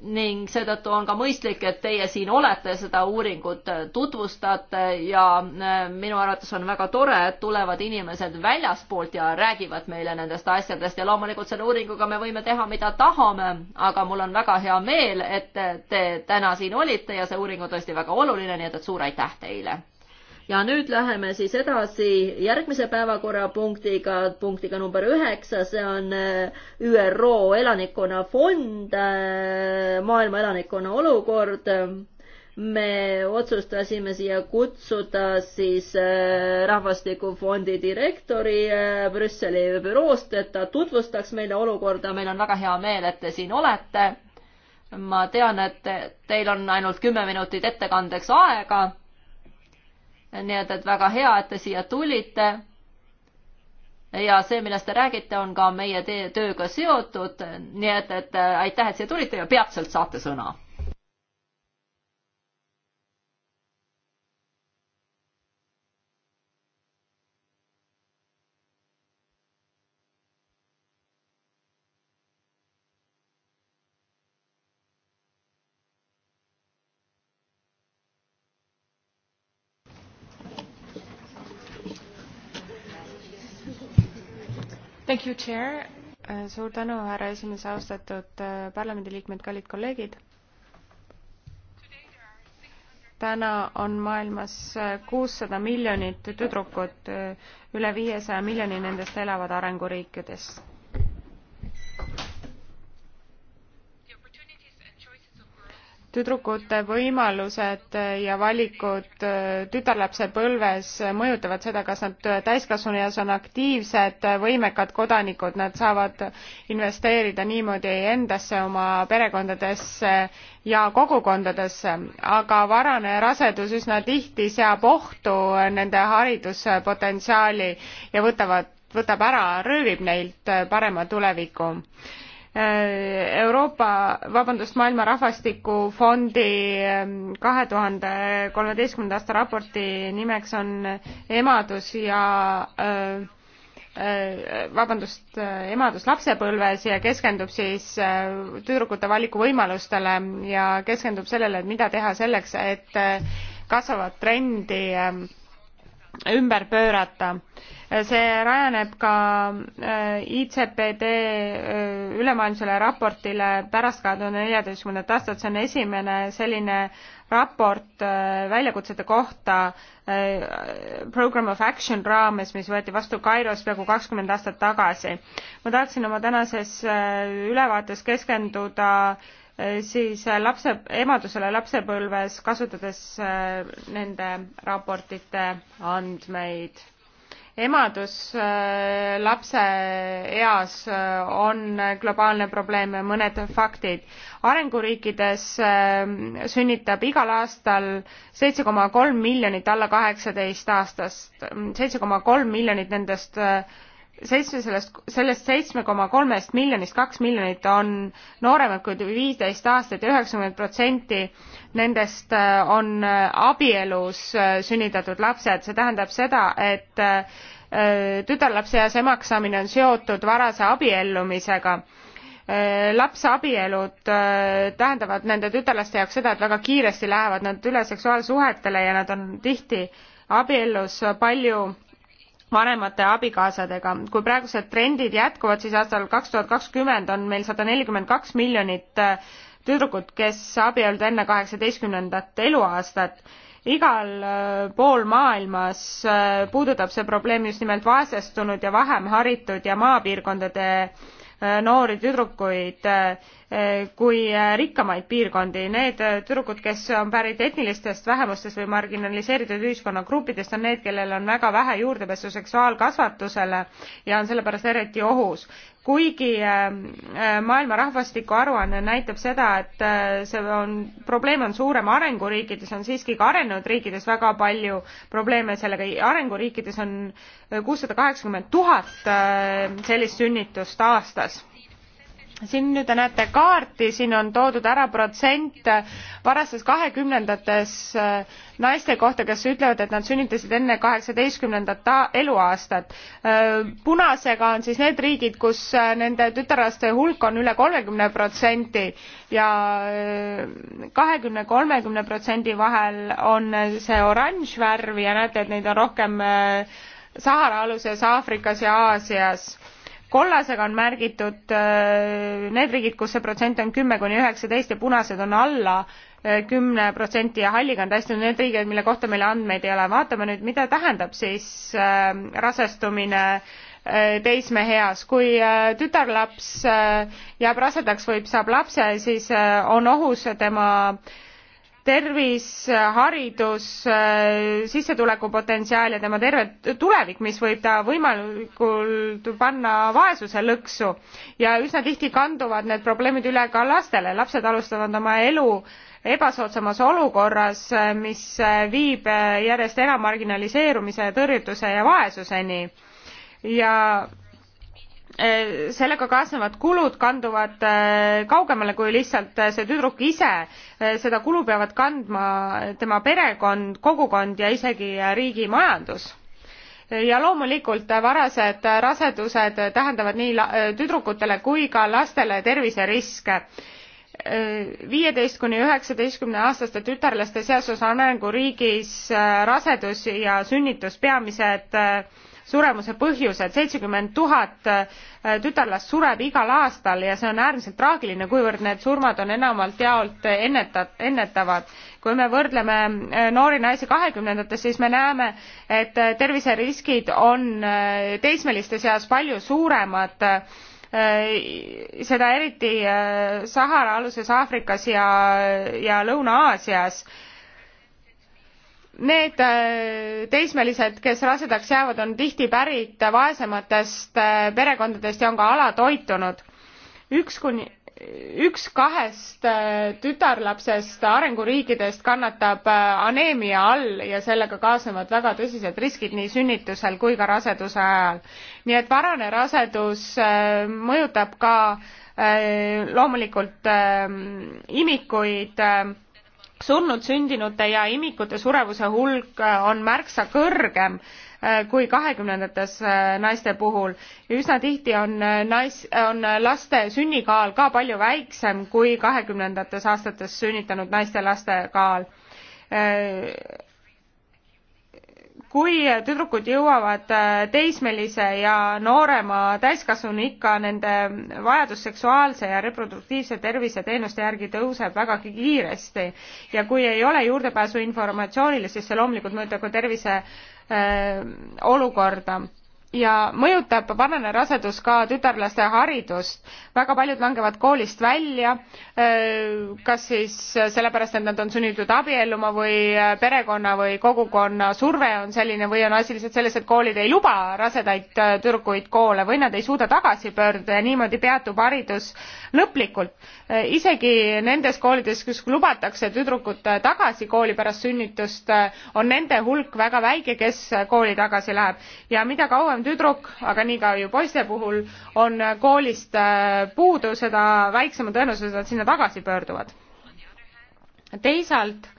ning seetõttu on ka mõistlik, et teie siin olete, seda uuringut tutvustate ja äh, minu arvates on väga tore, et tulevad inimesed väljaspoolt ja räägivad meile nendest asjadest ja loomulikult selle uuringuga me võime teha, mida tahame, aga mul on väga hea meel, et te täna siin olite ja see uuring on tõesti väga oluline, nii et, et suur aitäh teile! ja nüüd läheme siis edasi järgmise päevakorrapunktiga, punktiga number üheksa, see on äh, ÜRO elanikkonnafond, äh, maailma elanikkonna olukord me otsustasime siia kutsuda siis äh, Rahvastikufondi direktori Brüsseli büroost, et ta tutvustaks meile olukorda, meil on väga hea meel, et te siin olete. ma tean, et teil on ainult kümme minutit ettekandeks aega nii et, et väga hea, et te siia tulite. ja see, millest te räägite, on ka meie tööga seotud, nii et, et aitäh, et siia tulite ja peatselt saate sõna Thank you, chair. Äh, suur tänu, härra esimees, austatud äh, parlamendiliikmed, kallid kolleegid. täna on maailmas äh, kuussada miljonit tüdrukut, üle viiesaja miljoni nendest elavad arenguriikides tüdrukute võimalused ja valikud äh, tütarlapse põlves mõjutavad seda, kas nad täiskasvanueas on aktiivsed, võimekad kodanikud, nad saavad investeerida niimoodi endasse, oma perekondadesse ja kogukondadesse, aga varane rasedus üsna tihti seab ohtu nende hariduspotentsiaali ja võtavad, võtab ära, röövib neilt parema tuleviku Äh, Euroopa, vabandust, Maailma Rahvastikufondi ähm, kahe tuhande kolmeteistkümnenda aasta raporti nimeks on emadus ja äh, äh, vabandust, emadus lapsepõlves ja keskendub siis tüdrukute valikuvõimalustele ja keskendub sellele, et mida teha selleks, et kasvavat trendi ähm, ümber pöörata. see rajaneb ka äh, ICPD äh, ülemaailmsele raportile pärast kahe tuhande neljateistkümnendat aastat, see on esimene selline raport äh, väljakutsete kohta Program of Action raames, mis võeti vastu Kairos peaaegu kakskümmend aastat tagasi. ma tahaksin oma tänases ülevaates keskenduda äh, Äh, siis äh, lapse, emadusele lapsepõlves, kasutades äh, nende raportite andmeid. emadus lapse eas on globaalne probleem ja mõned faktid. arenguriikides sünnitab igal aastal seitse koma kolm miljonit alla kaheksateist aastast, seitse koma kolm miljonit nendest seitsme sellest, sellest seitsme koma kolmest miljonist kaks miljonit on nooremad kui viiteist aastat ja üheksakümmend protsenti nendest äh, on äh, abielus äh, sünnitatud lapsed, see tähendab seda, et tütarlapseeas emaks saamine on seotud varase abiellumisega. lapsabielud tähendavad nende tütarlaste jaoks seda, et väga kiiresti lähevad nad üle seksuaalsuhetele ja nad on tihti abiellus palju vanemate abikaasadega. kui praegused trendid jätkuvad, siis aastal kaks tuhat kakskümmend on meil sada nelikümmend kaks miljonit äh, tüdrukut, kes abielluvad enne kaheksateistkümnendat eluaastat. igal äh, pool maailmas äh, puudutab see probleem just nimelt vaesestunud ja vähem haritud ja maapiirkondade Äh, noori tüdrukuid äh, kui äh, rikkamaid piirkondi. Need tüdrukud, kes on pärit etnilistest vähemustest või marginaliseeritud ühiskonnagruppidest, on need, kellel on väga vähe juurdepääsu seksuaalkasvatusele ja on sellepärast eriti ohus kuigi äh, äh, maailma rahvastiku aruanne näitab seda, et äh, see on, probleem on suurem arenguriikides, on siiski ka arenenud riikides väga palju probleeme sellega, arenguriikides on kuussada kaheksakümmend tuhat sellist sünnitust aastas siin nüüd te näete kaarti, siin on toodud ära protsent varastes kahekümnendates äh, naiste kohta, kes ütlevad, et nad sünnitasid enne kaheksateistkümnendat eluaastat. Äh, punasega on siis need riigid, kus äh, nende tütarlaste hulk on üle kolmekümne protsendi ja kahekümne, kolmekümne protsendi vahel on see oranž värv ja näete, et neid on rohkem Sahara aluses Aafrikas ja Aasias kollasega on märgitud äh, need riigid, kus see protsent on kümme kuni üheksateist ja punased on alla äh, kümne protsenti ja halliga on täiesti need riigid, mille kohta meil andmeid ei ole. vaatame nüüd, mida tähendab siis äh, rasestumine teismeeas. kui tütarlaps jääb rasedaks või saab lapse, siis on ohus tema tervis, haridus, sissetulekupotentsiaal ja tema terve tulevik, mis võib ta võimalikult panna vaesuse lõksu. ja üsna tihti kanduvad need probleemid üle ka lastele, lapsed alustavad oma elu ebasoodsamas olukorras, mis viib järjest enam marginaliseerumise, tõrjutuse ja vaesuseni. ja Äh, sellega kaasnevad kulud kanduvad äh, kaugemale kui lihtsalt äh, see tüdruk ise. seda kulu peavad kandma tema perekond, kogukond ja isegi riigi majandus. ja loomulikult varased rasedused tähendavad nii tüdrukutele kui ka lastele terviseriske viieteist kuni üheksateistkümne aastaste tütarlaste seas on arenguriigis rasedus ja sünnitus peamised suremuse põhjused. seitsekümmend tuhat äh, tütarlast sureb igal aastal ja see on äärmiselt traagiline, kuivõrd need surmad on enamalt jaolt ennetat-, ennetavad. kui me võrdleme äh, noori naisi kahekümnendates, siis me näeme, et äh, terviseriskid on teismeliste seas palju suuremad seda eriti Sahara aluses Aafrikas ja, ja Lõuna-Aasias Need äh, teismelised, kes rasedaks jäävad, on tihti pärit vaesematest äh, perekondadest ja on ka alatoitunud. üks kuni üks kahest äh, tütarlapsest arenguriikidest kannatab aneemia all ja sellega kaasnevad väga tõsised riskid nii sünnitusel kui ka raseduse ajal. nii et varane rasedus mõjutab ka loomulikult imikuid surnud sündinute ja imikute surevuse hulk äh, on märksa kõrgem äh, kui kahekümnendates äh, naiste puhul ja üsna tihti on nais- on laste sünnikaal ka palju väiksem kui kahekümnendates aastates sünnitanud naiste laste kaal kui tüdrukud jõuavad äh, teismelise ja noorema täiskasvanu ikka, nende vajadus seksuaalse ja reproduktiivse tervise teenuste järgi tõuseb vägagi kiiresti ja kui ei ole juurdepääsu informatsioonile, siis see loomulikult mõjutab ka tervise äh, olukorda ja mõjutab vanane rasedus ka tütarlaste haridust. väga paljud langevad koolist välja, äh, kas siis sellepärast, et nad on sunnitud abielluma või äh, perekonna või kogukonna surve on selline või on asi lihtsalt selles, et koolid ei luba rasedaid äh, tüdrukuid koole või nad ei suuda tagasi pöörduda ja niimoodi peatub haridus lõplikult. Eh, isegi nendes koolides kus lubatakse tüdrukud eh, tagasi kooli pärast sünnitust eh, on nende hulk väga väike kes kooli tagasi läheb ja mida kauem tüdruk aga nii ka ju poiste puhul on koolist puudu seda väiksema tõenäosusega nad sinna tagasi pöörduvad teisalt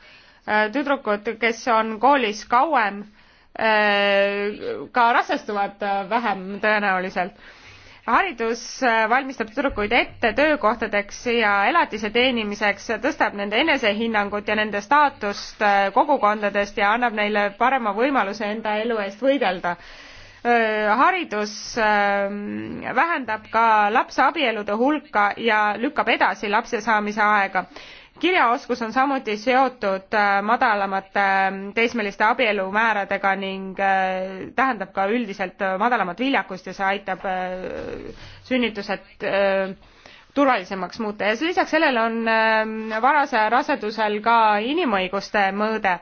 tüdrukud kes on koolis kauem ka rasestuvad vähem tõenäoliselt haridus äh, valmistab tüdrukuid ette töökohtadeks ja elatise teenimiseks, tõstab nende enesehinnangut ja nende staatust äh, kogukondadest ja annab neile parema võimaluse enda elu eest võidelda. Äh, haridus ähm, vähendab ka lapse abielude hulka ja lükkab edasi lapse saamise aega kirjaoskus on samuti seotud äh, madalamate äh, teismeliste abielumääradega ning äh, tähendab ka üldiselt madalamat viljakust ja see aitab sünnitused turvalisemaks muuta ja lisaks sellele on varase rasedusel ka inimõiguste mõõde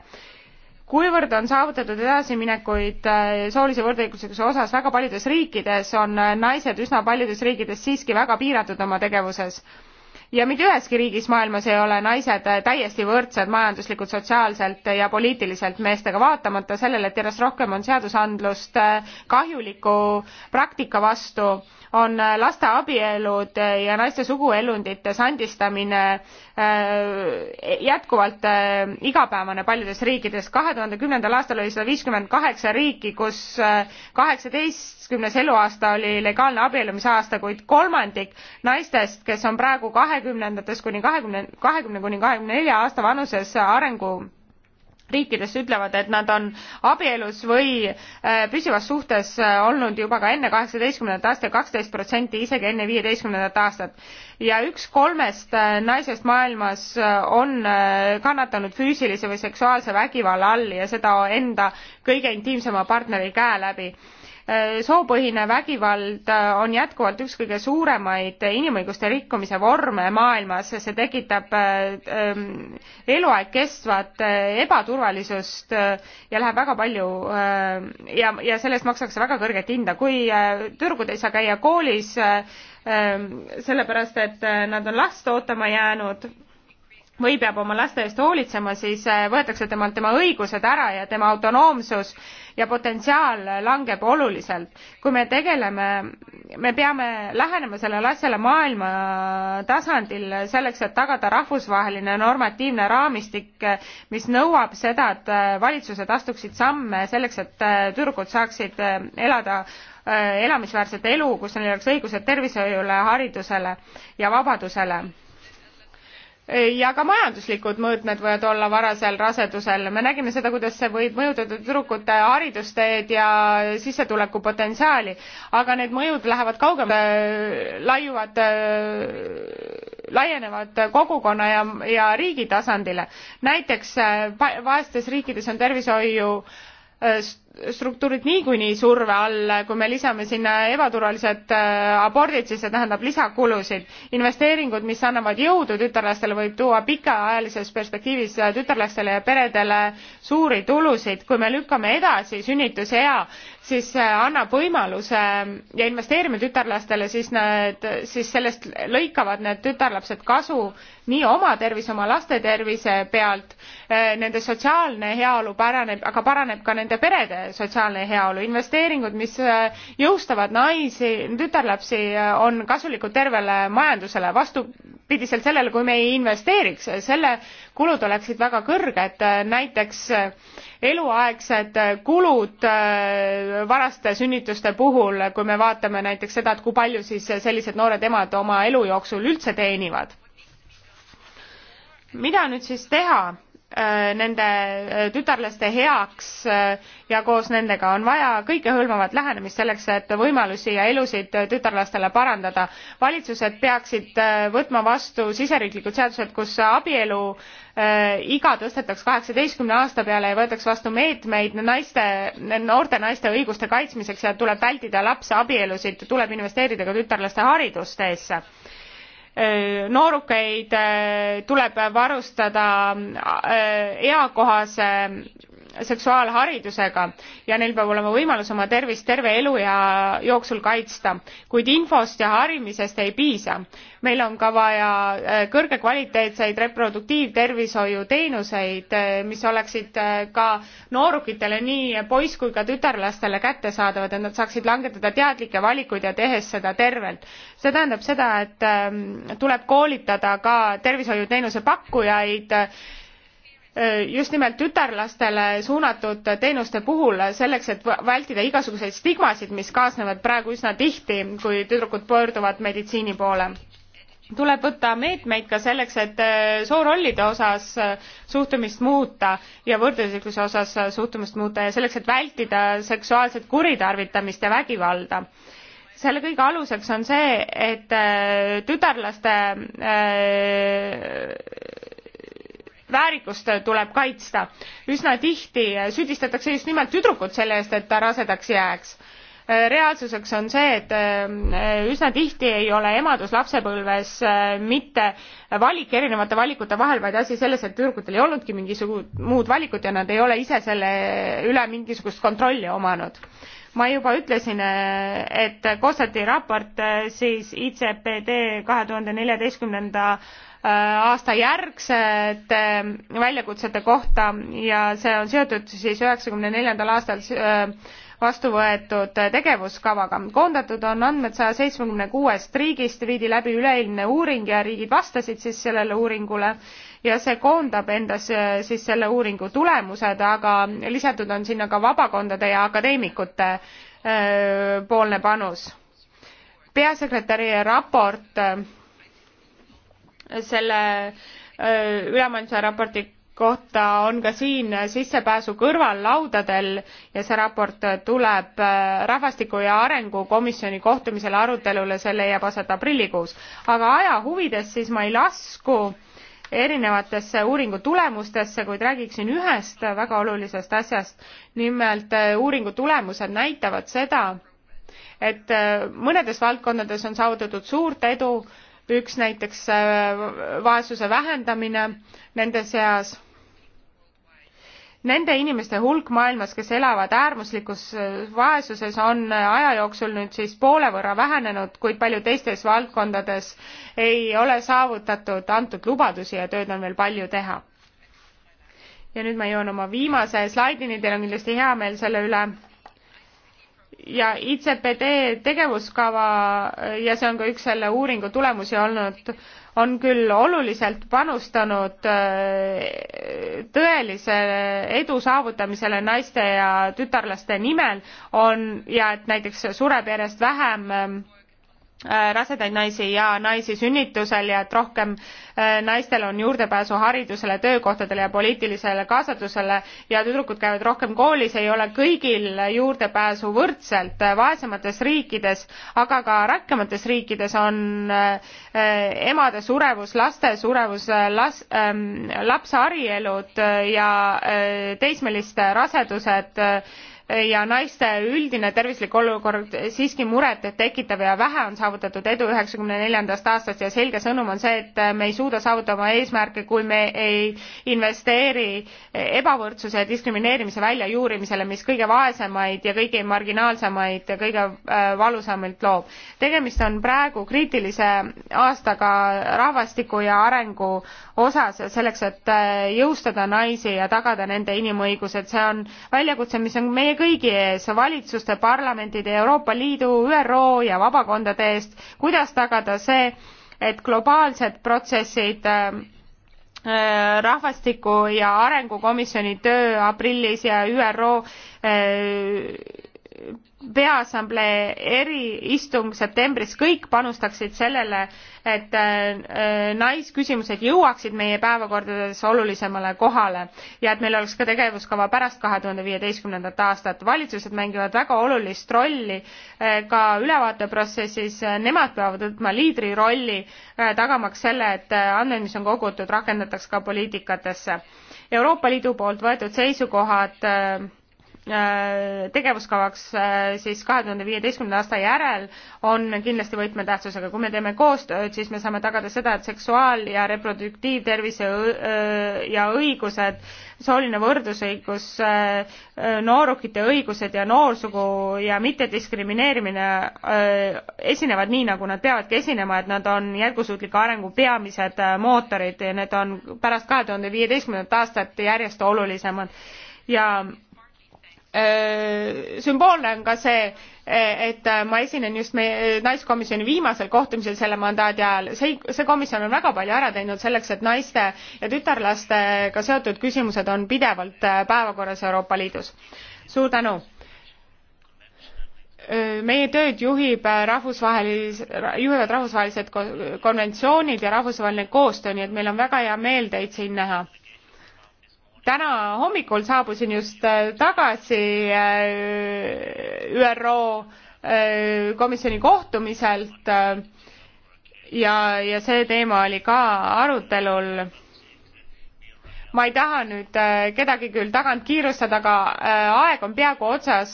kuivõrd on saavutatud edasiminekuid soolise võrdõiguslikkuse osas väga paljudes riikides on naised üsna paljudes riikides siiski väga piiratud oma tegevuses ja mitte üheski riigis maailmas ei ole naised täiesti võrdsed majanduslikult, sotsiaalselt ja poliitiliselt meestega, vaatamata sellele, et järjest rohkem on seadusandlust kahjuliku praktika vastu on laste abielud ja naiste suguelundite sandistamine äh, jätkuvalt äh, igapäevane paljudes riikides. kahe tuhande kümnendal aastal oli sada viiskümmend kaheksa riiki, kus äh, kaheksateistkümnes eluaasta oli legaalne abiellumise aasta, kuid kolmandik naistest, kes on praegu kahekümnendates kuni kahekümne, kahekümne kuni kahekümne nelja aasta vanuses arengu riikidest ütlevad, et nad on abielus või äh, püsivas suhtes äh, olnud juba ka enne kaheksateistkümnendat aastat ja kaksteist protsenti isegi enne viieteistkümnendat aastat. ja üks kolmest äh, naisest maailmas on kannatanud füüsilise või seksuaalse vägivalla all ja seda enda kõige intiimsema partneri käe läbi Äh, soopõhine vägivald äh, on jätkuvalt üks kõige suuremaid inimõiguste rikkumise vorme maailmas, see tekitab äh, ähm, eluaeg kestvat ebaturvalisust ja läheb väga palju ja, ja selle eest makstakse väga kõrget hinda, kui tüdrukud ei saa käia koolis ähm, sellepärast, et nad on last ootama jäänud või peab oma laste eest hoolitsema, siis võetakse temalt tema õigused ära ja tema autonoomsus ja potentsiaal langeb oluliselt. kui me tegeleme, me peame lähenema sellele asjale maailma tasandil selleks, et tagada rahvusvaheline normatiivne raamistik, mis nõuab seda, et valitsused astuksid samme selleks, et tüdrukud saaksid elada elamisväärset elu, kus neil oleks õigused tervishoiule, haridusele ja vabadusele ja ka majanduslikud mõõtmed võivad olla varasel rasedusel. me nägime seda, kuidas see võib mõjutada tüdrukute haridusteed ja sissetulekupotentsiaali, aga need mõjud lähevad kaugemale, laiuvad, laienevad kogukonna ja, ja riigi tasandile. näiteks eh, vaestes riikides on tervishoiu eh, struktuurid niikuinii surve all, kui me lisame sinna ebaturvalised äh, abordid, siis see tähendab lisakulusid. investeeringud, mis annavad jõudu tütarlastele, võib tuua pikaajalises perspektiivis äh, tütarlastele ja peredele suuri tulusid. kui me lükkame edasi sünnitusea, siis see annab võimaluse ja investeerime tütarlastele, siis need, siis sellest lõikavad need tütarlapsed kasu nii oma tervise, oma laste tervise pealt, eh, nende sotsiaalne heaolu paraneb, aga paraneb ka nende perede sotsiaalne heaolu. investeeringud, mis eh, jõustavad naisi, tütarlapsi, eh, on kasulikud tervele majandusele, vastupidiselt sellele, kui me ei investeeriks, selle kulud oleksid väga kõrged, näiteks eluaegsed kulud äh, varaste sünnituste puhul, kui me vaatame näiteks seda, et kui palju siis sellised noored emad oma elu jooksul üldse teenivad. mida nüüd siis teha? Äh, nende äh, tütarlaste heaks ja koos nendega on vaja kõikehõlmavat lähenemist selleks, et võimalusi ja elusid tütarlastele parandada. valitsused peaksid võtma vastu siseriiklikud seadused, kus abielu Äh, iga tõstetaks kaheksateistkümne aasta peale ja võetaks vastu meetmeid naiste noorte naiste õiguste kaitsmiseks ja tuleb vältida lapse abielusid tuleb investeerida ka tütarlaste haridusteesse äh, noorukeid äh, tuleb varustada eakohase seksuaalharidusega ja neil peab olema võimalus oma tervist terve eluea jooksul kaitsta kuid infost ja harimisest ei piisa meil on ka vaja äh, kõrgekvaliteetseid reproduktiivtervishoiuteenuseid äh, mis oleksid äh, ka noorukitele nii poiss kui ka tütarlastele kättesaadavad et nad saaksid langetada teadlikke valikuid ja tehes seda tervelt see tähendab seda et ähm, tuleb koolitada ka tervishoiuteenuse pakkujaid Äh, just nimelt tütarlastele suunatud teenuste puhul selleks et vältida igasuguseid stigmasid mis kaasnevad praegu üsna tihti kui tüdrukud pöörduvad meditsiini poole tuleb võtta meetmeid ka selleks, et äh, soorollide osas äh, suhtumist muuta ja võrdõiguslikkuse osas suhtumist muuta ja selleks, et vältida seksuaalset kuritarvitamist ja vägivalda. selle kõige aluseks on see, et tütarlaste väärikust tuleb kaitsta. üsna tihti süüdistatakse just nimelt tüdrukut selle eest, et ta rasedaks jääks reaalsuseks on see, et äh, üsna tihti ei ole emadus lapsepõlves äh, mitte valik erinevate valikute vahel, vaid asi selles, et tüdrukutel ei olnudki mingisugust muud valikut ja nad ei ole ise selle üle mingisugust kontrolli omanud. ma juba ütlesin, äh, et koostati raport siis ICPD kahe tuhande neljateistkümnenda Äh, aasta järgsete väljakutsete kohta ja see on seotud siis üheksakümne neljandal aastal äh, vastu võetud tegevuskavaga. koondatud on andmed saja seitsmekümne kuuest riigist, viidi läbi üleeilne uuring ja riigid vastasid siis sellele uuringule ja see koondab endas äh, siis selle uuringu tulemused, aga lisatud on sinna ka vabakondade ja akadeemikute poolne panus. peasekretäri raport selle äh, ülemaailmse raporti kohta on ka siin sissepääsu kõrval laudadel ja see raport tuleb äh, rahvastiku ja arengu komisjoni kohtumisele arutelule, see leiab aset aprillikuus. aga aja huvides siis ma ei lasku erinevatesse uuringu tulemustesse, kuid räägiksin ühest väga olulisest asjast. nimelt äh, uuringu tulemused näitavad seda, et mõnedes valdkondades on saavutatud suurt edu, üks näiteks äh, vaesuse vähendamine nende seas. Nende inimeste hulk maailmas, kes elavad äärmuslikus äh, vaesuses, on äh, aja jooksul nüüd siis poole võrra vähenenud, kuid palju teistes valdkondades ei ole saavutatud antud lubadusi ja tööd on veel palju teha. ja nüüd ma jõuan oma viimase slaidini, teil on kindlasti hea meel selle üle ja ICPD tegevuskava äh, ja see on ka üks selle uuringu tulemusi olnud, on küll oluliselt panustanud äh, tõelise edu saavutamisele naiste ja tütarlaste nimel, on ja et näiteks sureb järjest vähem ähm, Äh, rasedaid naisi ja naisi sünnitusel ja et rohkem äh, naistel on juurdepääsu haridusele, töökohtadele ja poliitilisele kaasatusele ja tüdrukud käivad rohkem koolis, ei ole kõigil juurdepääsu võrdselt. Äh, vaesemates riikides, aga ka rakkemates riikides on emade surevus, laste surevus, las- ähm,, lapse harielud ja äh, teismeliste rasedused äh, ja naiste üldine tervislik olukord siiski muret tekitav ja vähe on saavutatud edu üheksakümne neljandast aastast ja selge sõnum on see, et me ei suuda saavutada oma eesmärke, kui me ei investeeri ebavõrdsuse ja diskrimineerimise väljajuurimisele, mis kõige vaesemaid ja kõige marginaalsemaid kõige äh, valusamalt loob. tegemist on praegu kriitilise aastaga rahvastiku ja arengu osas selleks, et äh, jõustada naisi ja tagada nende inimõigused, see on väljakutse, mis on meie kõigi ees, valitsuste, parlamentide, Euroopa Liidu, ÜRO ja vabakondade eest, kuidas tagada see, et globaalsed protsessid ähm, äh, rahvastiku ja arengukomisjoni töö aprillis ja ÜRO äh, peaassamblee eriistung septembris, kõik panustaksid sellele, et äh, äh, naisküsimused jõuaksid meie päevakordades olulisemale kohale ja et meil oleks ka tegevuskava pärast kahe tuhande viieteistkümnendat aastat. valitsused mängivad väga olulist rolli äh, ka ülevaateprotsessis, nemad peavad võtma liidri rolli, tagamaks selle, et andmed, mis on kogutud, rakendataks ka poliitikatesse. Euroopa Liidu poolt võetud seisukohad Äh, tegevuskavaks äh, siis kahe tuhande viieteistkümnenda aasta järel on kindlasti võtmetähtsusega. kui me teeme koostööd, siis me saame tagada seda, et seksuaal- ja reproduktiivtervise äh, ja õigused, sooline võrdusõigus, noorukite õigused ja noorsugu ja mittediskrimineerimine esinevad nii, nagu nad peavadki esinema, et nad on jätkusuutliku arengu peamised mootorid ja need on pärast kahe tuhande viieteistkümnendat aastat järjest olulisemad ja Äh, sümboolne on ka see, äh, et äh, ma esinen just meie naiskomisjoni viimasel kohtumisel selle mandaadi ajal. see, see komisjon on väga palju ära teinud selleks, et naiste ja tütarlastega seotud küsimused on pidevalt päevakorras Euroopa Liidus. suur tänu! meie tööd juhib rahvusvahelis-, juhivad rahvusvahelised konventsioonid ja rahvusvaheline koostöö, nii et meil on väga hea meel teid siin näha täna hommikul saabusin just äh, tagasi äh, ÜRO äh, komisjoni kohtumiselt ja, ja see teema oli ka arutelul. ma ei taha nüüd kedagi küll tagant kiirustada, aga aeg on peaaegu otsas.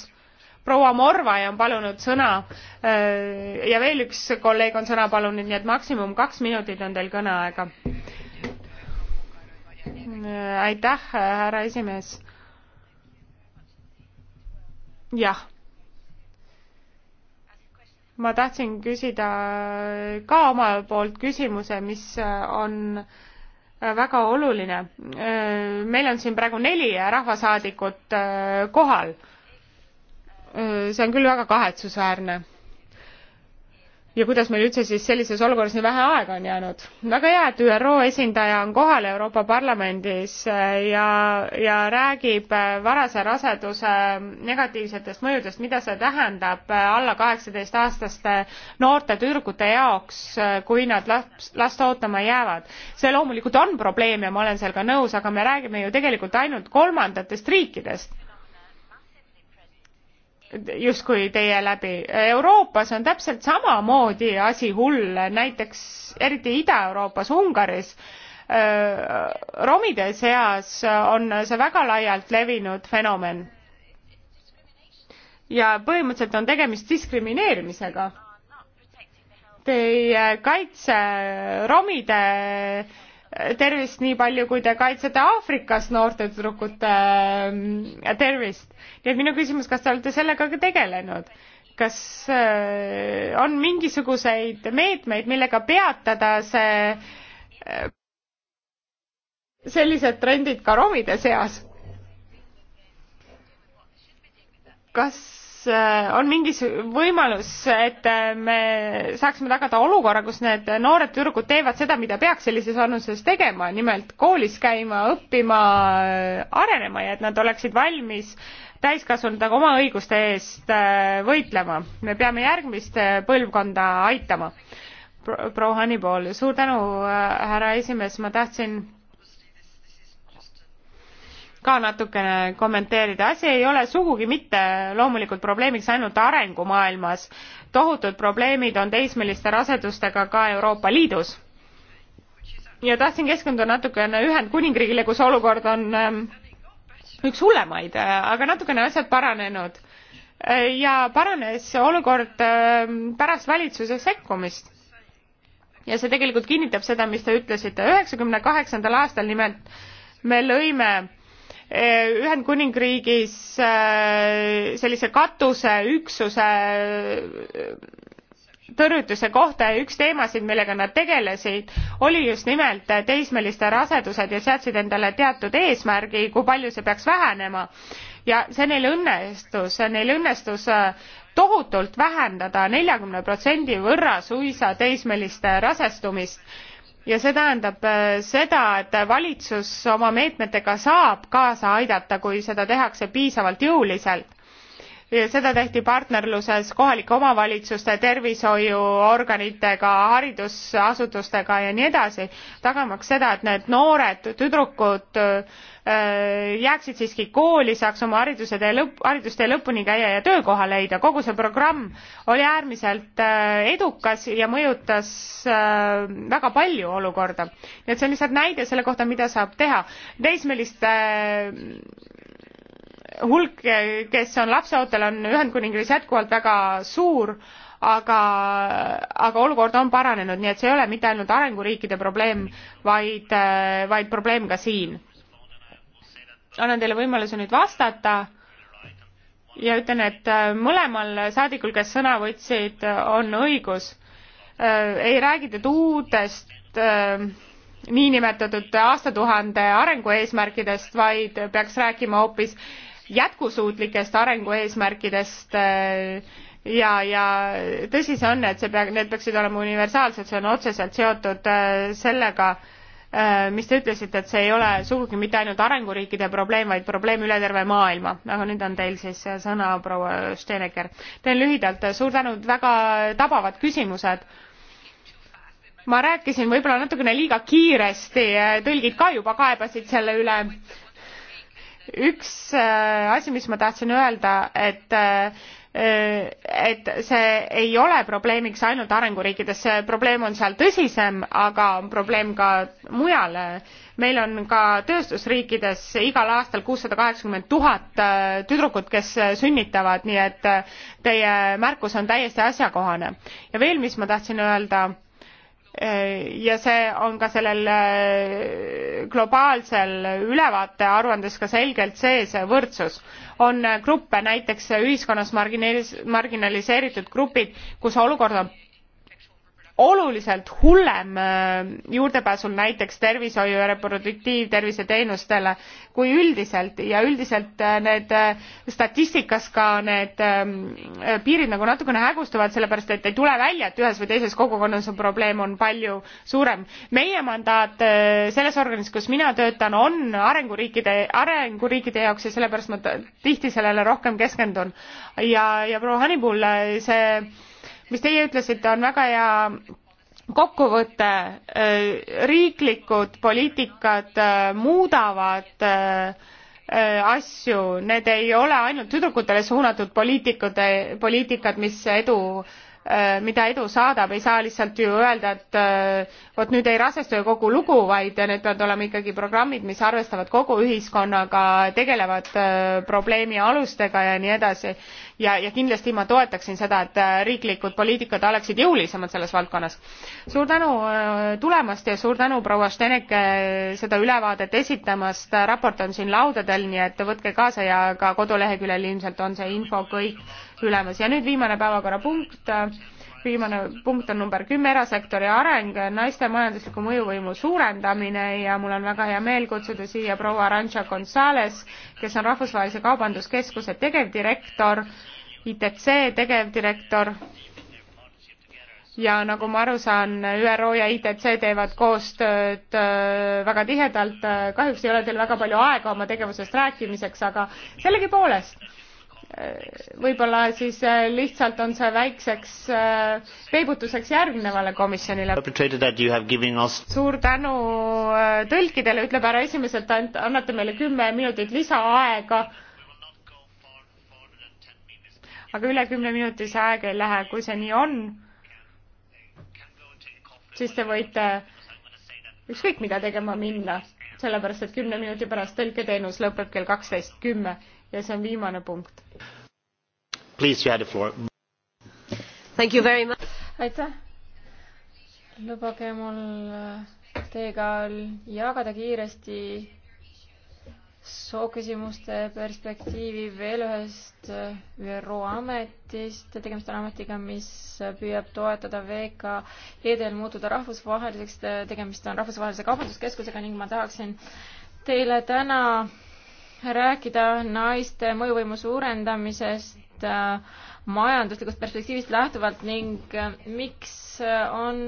proua Morvai on palunud sõna ja veel üks kolleeg on sõna palunud, nii et maksimum kaks minutit on teil kõneaega aitäh, härra esimees. jah. ma tahtsin küsida ka oma poolt küsimuse, mis on väga oluline. meil on siin praegu neli rahvasaadikut kohal. see on küll väga kahetsusväärne ja kuidas meil üldse siis sellises olukorras nii vähe aega on jäänud. väga hea, et ÜRO esindaja on kohal Euroopa Parlamendis äh, ja, ja räägib äh, varase raseduse äh, negatiivsetest mõjudest, mida see tähendab alla kaheksateistaastaste noorte tüdrukute jaoks, kui nad laps, last ootama jäävad. see loomulikult on probleem ja ma olen seal ka nõus, aga me räägime ju tegelikult ainult kolmandatest riikidest justkui teie läbi. Euroopas on täpselt samamoodi asi hull, näiteks eriti Ida-Euroopas, Ungaris romide seas on see väga laialt levinud fenomen. ja põhimõtteliselt on tegemist diskrimineerimisega. Te ei kaitse romide tervist nii palju, kui te kaitsete Aafrikas noorte tüdrukute ähm, tervist. nii et minu küsimus, kas te olete sellega ka tegelenud? kas äh, on mingisuguseid meetmeid, millega peatada see, äh, sellised trendid ka romide seas? kas Äh, on mingis võimalus, et äh, me saaksime tagada olukorra, kus need noored tüdrukud teevad seda, mida peaks sellises vanuses tegema, nimelt koolis käima, õppima, äh, arenema ja et nad oleksid valmis täiskasvanutega oma õiguste eest võitlema. me peame järgmist põlvkonda aitama Pro. proua Hannibal, suur tänu, härra esimees, ma tahtsin ka natukene kommenteerida. asi ei ole sugugi mitte loomulikult probleemiks ainult arengumaailmas. tohutud probleemid on teismeliste rasedustega ka Euroopa Liidus. ja tahtsin keskenduda natukene Ühendkuningriigile, kus olukord on ähm, üks hullemaid, äh, aga natukene asjad paranenud. Äh, ja paranes olukord ähm, pärast valitsuse sekkumist ja see tegelikult kinnitab seda, mis te ütlesite. üheksakümne kaheksandal aastal nimelt me lõime Eh, Ühendkuningriigis eh, sellise katuseüksuse eh, tõrjutuse kohta ja üks teemasid, millega nad tegelesid, oli just nimelt teismeliste rasedused ja seadsid endale teatud eesmärgi, kui palju see peaks vähenema. ja see neil õnnestus, neil õnnestus tohutult vähendada neljakümne protsendi võrra suisa teismeliste rasestumist ja see tähendab äh, seda, et valitsus oma meetmetega saab kaasa aidata, kui seda tehakse piisavalt jõuliselt seda tehti partnerluses kohalike omavalitsuste tervishoiuorganitega haridusasutustega ja nii edasi tagamaks seda et need noored tüdrukud äh, jääksid siiski kooli saaks oma hariduse tee lõpp haridustee lõpuni käia ja töökoha leida kogu see programm oli äärmiselt äh, edukas ja mõjutas äh, väga palju olukorda nii et see on lihtsalt näide selle kohta mida saab teha teismeliste hulk, kes on lapseootel, on Ühendkuningriigis jätkuvalt väga suur, aga, aga olukord on paranenud, nii et see ei ole mitte ainult arenguriikide probleem, vaid, vaid probleem ka siin. annan teile võimaluse nüüd vastata ja ütlen, et mõlemal saadikul, kes sõna võtsid, on õigus. ei räägitud uutest niinimetatud aastatuhande arengueesmärkidest, vaid peaks rääkima hoopis jätkusuutlikest arengueesmärkidest eh, ja, ja tõsi see on, et see pea, need peaksid olema universaalsed, see on otseselt seotud eh, sellega, eh, mis te ütlesite, et see ei ole sugugi mitte ainult arenguriikide probleem, vaid probleem üle terve maailma. aga nüüd on teil siis sõna, proua Steneker. teen lühidalt, suur tänu, väga tabavad küsimused ma rääkisin võib-olla natukene liiga kiiresti tõlgid ka juba kaebasid selle üle üks äh, asi, mis ma tahtsin öelda, et äh, äh, et see ei ole probleemiks ainult arenguriikides, see probleem on seal tõsisem, aga on probleem ka mujal. meil on ka tööstusriikides igal aastal kuussada kaheksakümmend tuhat tüdrukut, kes sünnitavad, nii et teie märkus on täiesti asjakohane. ja veel, mis ma tahtsin öelda Äh, ja see on ka sellel äh, globaalsel ülevaate aruandes ka selgelt sees, äh, võrdsus. on gruppe, näiteks ühiskonnas marginalis-, marginaliseeritud grupid, kus olukord on oluliselt hullem äh, juurdepääsul näiteks tervishoiu ja reproduktiivtervise teenustele kui üldiselt ja üldiselt äh, need äh, statistikas ka need ähm, piirid nagu natukene hägustuvad sellepärast et ei tule välja et ühes või teises kogukonnas on probleem on palju suurem meie mandaat selles organis kus mina töötan on arenguriikide arenguriikide jaoks ja sellepärast ma tihti sellele rohkem keskendun ja ja proua Hannibal see mis teie ütlesite, on väga hea kokkuvõte, äh, riiklikud poliitikad äh, muudavad äh, asju, need ei ole ainult tüdrukutele suunatud poliitikud, poliitikad, mis edu mida edu saadab, ei saa lihtsalt ju öelda, et vot nüüd ei rasestu ju kogu lugu, vaid need peavad olema ikkagi programmid, mis arvestavad kogu ühiskonnaga, tegelevad probleemi alustega ja nii edasi ja, ja kindlasti ma toetaksin seda, et äh, riiklikud poliitikad oleksid jõulisemad selles valdkonnas. suur tänu äh, tulemast ja suur tänu, proua Šteneke, äh, seda ülevaadet esitamast, raport on siin laudadel, nii et võtke kaasa ja ka koduleheküljel ilmselt on see info kõik ülemas ja nüüd viimane päevakorrapunkt viimane punkt on number kümme, erasektori areng, naiste majandusliku mõjuvõimu suurendamine ja mul on väga hea meel kutsuda siia proua Arantxa Gonzalez, kes on Rahvusvahelise Kaubanduskeskuse tegevdirektor, ITC tegevdirektor ja nagu ma aru saan, ÜRO ja ITC teevad koostööd äh, väga tihedalt, kahjuks ei ole teil väga palju aega oma tegevusest rääkimiseks, aga sellegipoolest võib-olla siis äh, lihtsalt on see väikseks äh, peibutuseks järgnevale komisjonile. suur tänu äh, tõlkidele, ütleb härra esimeselt, annate meile kümme minutit lisaaega. aga üle kümne minuti see aeg ei lähe, kui see nii on, siis te võite ükskõik mida tegema minna, sellepärast et kümne minuti pärast tõlketeenus lõpeb kell kaksteist kümme ja see on viimane punkt Please, you have the floor. Thank you very much. aitäh. lubage mul äh, teiega jagada kiiresti sooküsimuste perspektiivi veel ühest äh, ÜRO ametist. tegemist on ametiga, mis püüab toetada VKE-del muutuda rahvusvaheliseks. tegemist on rahvusvahelise kaubanduskeskusega ning ma tahaksin teile täna rääkida naiste mõjuvõimu suurendamisest äh, majanduslikust perspektiivist lähtuvalt ning äh, miks on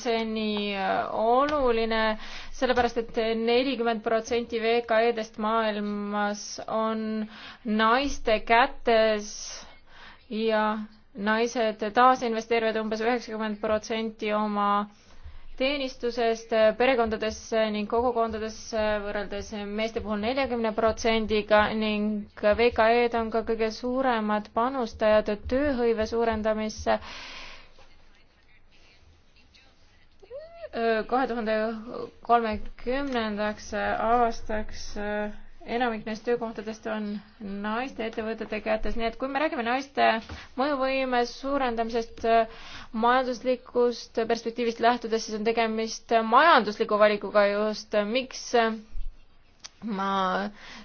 see nii äh, oluline, sellepärast et nelikümmend protsenti VKE-dest maailmas on naiste kätes ja naised taasinvesteerivad umbes üheksakümmend protsenti oma teenistusest perekondadesse ning kogukondadesse võrreldes meeste puhul neljakümne protsendiga ning VKE-d on ka kõige suuremad panustajad tööhõive suurendamisse. kahe tuhande kolmekümnendaks aastaks enamik neist töökohtadest on naiste ettevõtete kätes, nii et kui me räägime naiste mõjuvõime suurendamisest äh, majanduslikust perspektiivist lähtudes, siis on tegemist äh, majandusliku valikuga just, äh, miks ma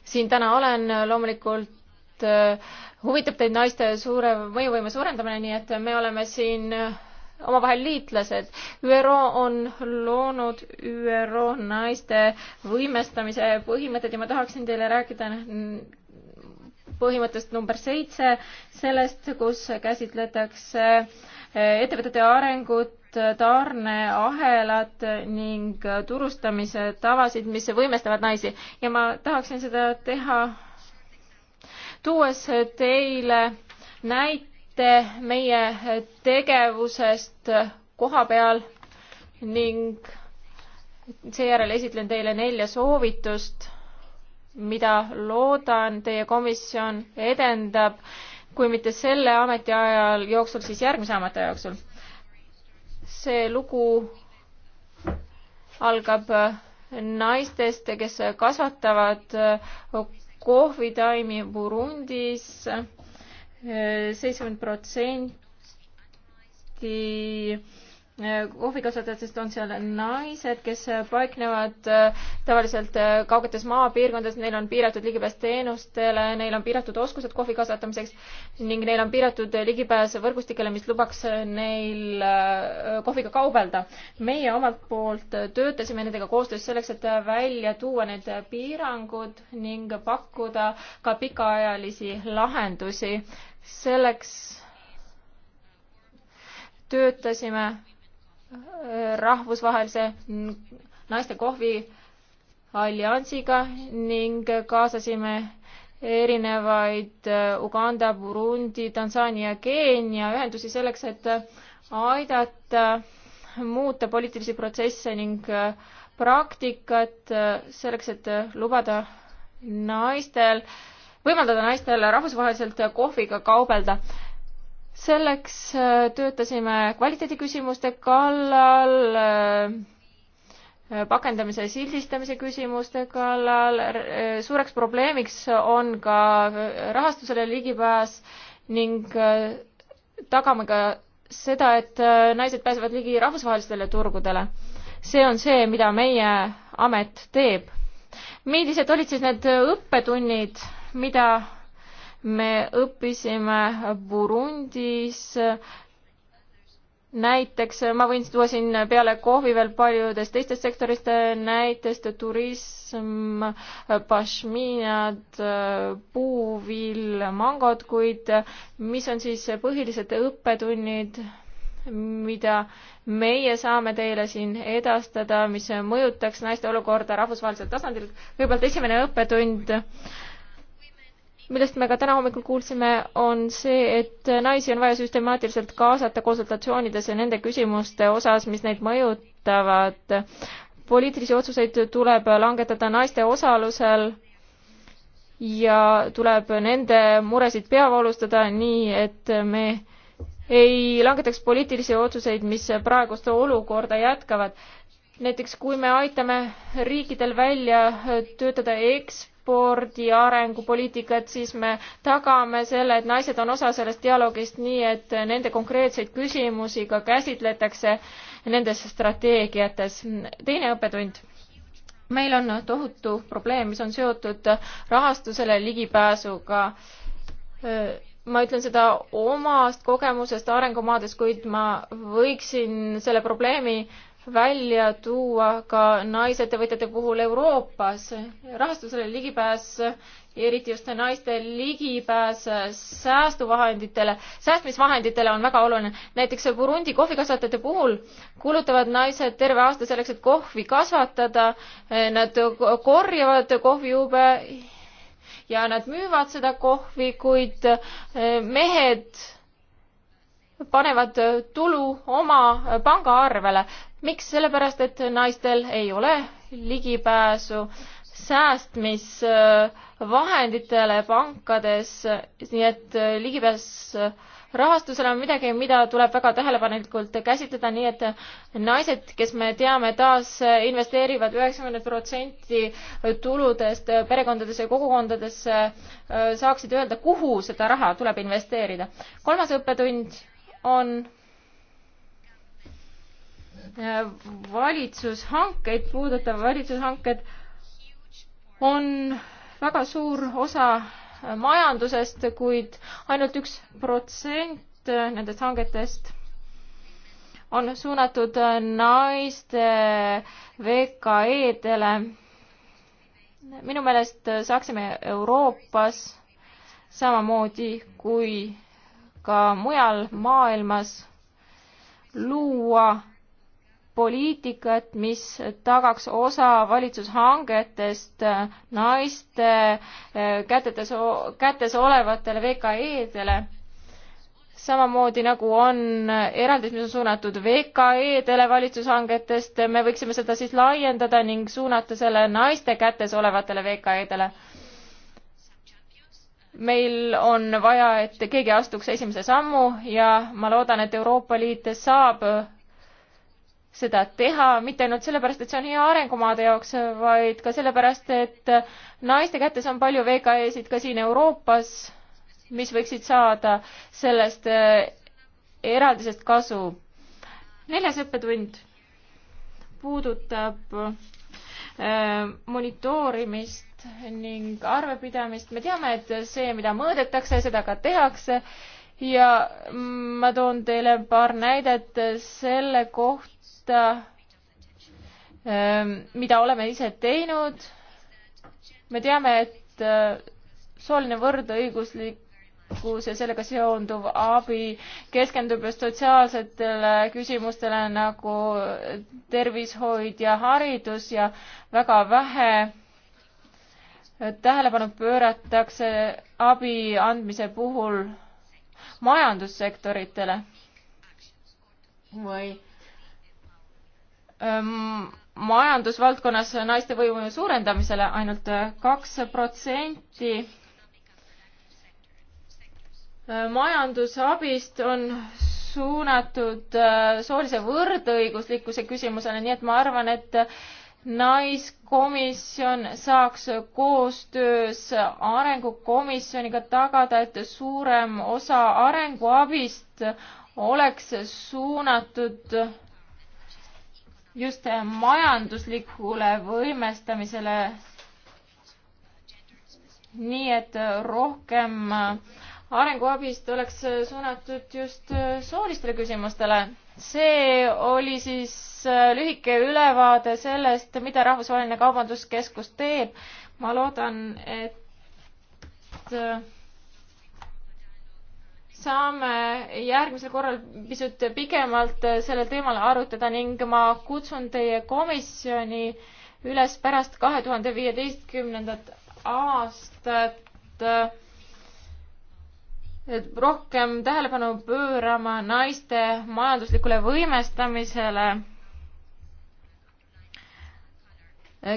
siin täna olen, loomulikult huvitab teid naiste suure mõjuvõime suurendamine, nii et me oleme siin omavahel liitlased. ÜRO on loonud ÜRO naiste võimestamise põhimõtted ja ma tahaksin teile rääkida põhimõttest number seitse, sellest, kus käsitletakse eh, ettevõtete arengut, tarneahelad ning turustamise tavasid, mis võimestavad naisi ja ma tahaksin seda teha, tuues teile näite ülevaate meie tegevusest koha peal ning seejärel esitlen teile nelja soovitust, mida loodan, teie komisjon edendab, kui mitte selle ametiajal jooksul, siis järgmise ametiaja jooksul. see lugu algab naistest, kes kasvatavad kohvitaimi Burundis seitsekümmend protsenti kohvikasvatajatest eh, on seal naised, kes paiknevad eh, tavaliselt eh, kaugetes maapiirkondades, neil on piiratud ligipääs teenustele, neil on piiratud oskused kohvi kasvatamiseks ning neil on piiratud ligipääs võrgustikele, mis lubaks neil kohviga kaubelda. meie omalt poolt töötasime nendega koostöös selleks, et välja tuua need piirangud ning pakkuda ka pikaajalisi lahendusi selleks töötasime äh, rahvusvahelise naiste kohvi alliansiga ning kaasasime erinevaid äh, Uganda, Burundi, Tansaania, Keenia ühendusi selleks, et aidata muuta poliitilisi protsesse ning äh, praktikat selleks, et lubada naistel äh, võimaldada naistel rahvusvaheliselt kohviga kaubelda. selleks äh, töötasime kvaliteediküsimuste kallal, äh, pakendamise sildistamise küsimuste kallal, äh, suureks probleemiks on ka rahastusele ligipääs ning tagame ka seda, et naised pääsevad ligi rahvusvahelistele turgudele. see on see, mida meie amet teeb. millised olid siis need õppetunnid, mida me õppisime Burundis. näiteks ma võin tuua siin peale kohvi veel paljudest teistest sektorist näitest turism, pašmiinad, puuvill, mangod, kuid mis on siis põhilised õppetunnid, mida meie saame teile siin edastada, mis mõjutaks naiste olukorda rahvusvahelisel tasandil. kõigepealt esimene õppetund äh, millest me ka täna hommikul kuulsime, on see, et naisi on vaja süstemaatiliselt kaasata konsultatsioonidesse nende küsimuste osas, mis neid mõjutavad. poliitilisi otsuseid tuleb langetada naiste osalusel ja tuleb nende muresid peavoolustada nii, et me ei langetaks poliitilisi otsuseid, mis praegust olukorda jätkavad. näiteks kui me aitame riikidel välja töötada eks-, transpordi arengupoliitikat, siis me tagame selle, et naised on osa sellest dialoogist nii, et nende konkreetseid küsimusi ka käsitletakse nendes strateegiates. teine õppetund meil on tohutu probleem, mis on seotud rahastusele ligipääsuga. ma ütlen seda omast kogemusest arengumaades, kuid ma võiksin selle probleemi välja tuua ka naisettevõtjate puhul Euroopas. rahastusele ligipääs, eriti just naiste ligipääs säästuvahenditele, säästmisvahenditele on väga oluline. näiteks Burundi kohvikasvatajate puhul kulutavad naised terve aasta selleks, et kohvi kasvatada. Nad korjavad kohvijube ja nad müüvad seda kohvi, kuid mehed panevad tulu oma pangaarvele miks? sellepärast, et naistel ei ole ligipääsu säästmisvahenditele pankades, nii et ligipääs rahastusele on midagi, mida tuleb väga tähelepanelikult käsitleda, nii et naised, kes me teame, taas investeerivad üheksakümmend protsenti tuludest perekondadesse ja kogukondadesse, saaksid öelda, kuhu seda raha tuleb investeerida. kolmas õppetund on valitsushankeid puudutav, valitsushanked on väga suur osa majandusest, kuid ainult üks protsent nendest hangetest on suunatud naiste VKE-dele. minu meelest saaksime Euroopas samamoodi kui ka mujal maailmas luua poliitikat, mis tagaks osa valitsushangetest äh, naiste äh, kätetes, kätes olevatele VKE-dele. samamoodi nagu on eraldis, mis on suunatud VKE-dele valitsushangetest, me võiksime seda siis laiendada ning suunata selle naiste kätes olevatele VKE-dele meil on vaja, et keegi astuks esimese sammu ja ma loodan, et Euroopa Liit saab seda teha, mitte ainult sellepärast, et see on hea arengumaade jaoks, vaid ka sellepärast, et naiste kätes on palju VKE-sid ka siin Euroopas, mis võiksid saada sellest eh, eraldisest kasu. neljas õppetund puudutab eh, monitoorimist ning arvepidamist. me teame, et see, mida mõõdetakse, seda ka tehakse ja ma toon teile paar näidet selle kohta, ähm, mida oleme ise teinud. me teame, et äh, sooline võrdõiguslikkus ja sellega seonduv abi keskendub just sotsiaalsetele küsimustele nagu tervishoid ja haridus ja väga vähe tähelepanu pööratakse abi andmise puhul majandussektoritele või ähm, majandusvaldkonnas naiste võimu suurendamisele ainult äh, kaks protsenti äh, majandusabist on suunatud äh, soolise võrdõiguslikkuse küsimusele, nii et ma arvan, et naiskomisjon saaks koostöös arengukomisjoniga tagada, et suurem osa arenguabist oleks suunatud just majanduslikule võimestamisele. nii et rohkem arenguabist oleks suunatud just soolistele küsimustele see oli siis äh, lühike ülevaade sellest, mida Rahvusvaheline Kaubanduskeskus teeb. ma loodan, et äh, saame järgmisel korral pisut pikemalt äh, sellel teemal arutada ning ma kutsun teie komisjoni üles pärast kahe tuhande viieteistkümnendat aastat et rohkem tähelepanu pöörama naiste majanduslikule võimestamisele,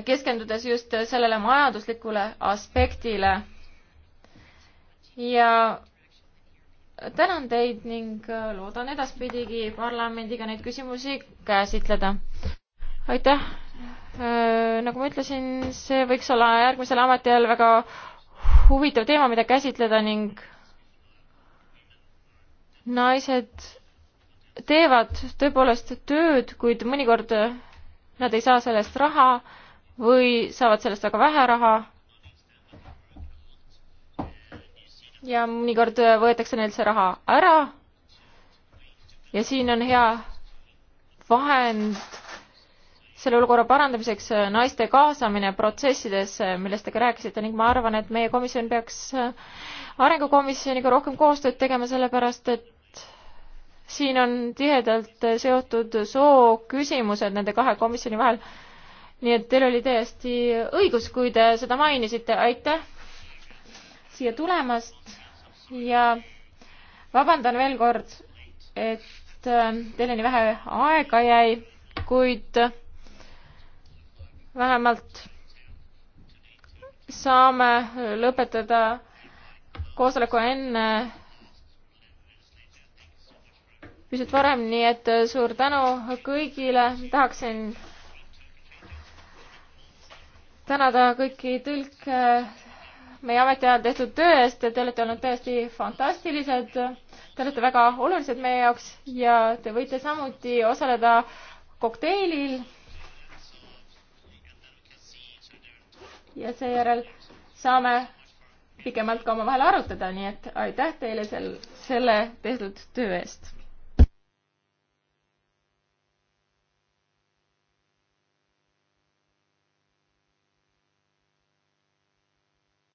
keskendudes just sellele majanduslikule aspektile. ja tänan teid ning äh, loodan edaspidigi parlamendiga neid küsimusi käsitleda. aitäh! Äh, nagu ma ütlesin, see võiks olla järgmisel ametiajal väga huvitav teema, mida käsitleda ning naised teevad tõepoolest tööd, kuid mõnikord nad ei saa selle eest raha või saavad sellest väga vähe raha. ja mõnikord võetakse neilt see raha ära. ja siin on hea vahend selle olukorra parandamiseks naiste kaasamine protsessidesse, millest te ka rääkisite ning ma arvan, et meie komisjon peaks arengukomisjoniga rohkem koostööd tegema, sellepärast et siin on tihedalt seotud sooküsimused nende kahe komisjoni vahel. nii et teil oli täiesti õigus, kui te seda mainisite, aitäh siia tulemast ja vabandan veel kord, et äh, teile nii vähe aega jäi, kuid vähemalt saame lõpetada koosoleku enne pisut varem, nii et äh, suur tänu kõigile, tahaksin tänada kõiki tõlke äh, meie ametiajal tehtud töö eest, te olete olnud tõesti fantastilised. Te olete väga olulised meie jaoks ja te võite samuti osaleda kokteilil. ja seejärel saame pikemalt ka omavahel arutada, nii et aitäh teile sel, selle tehtud töö eest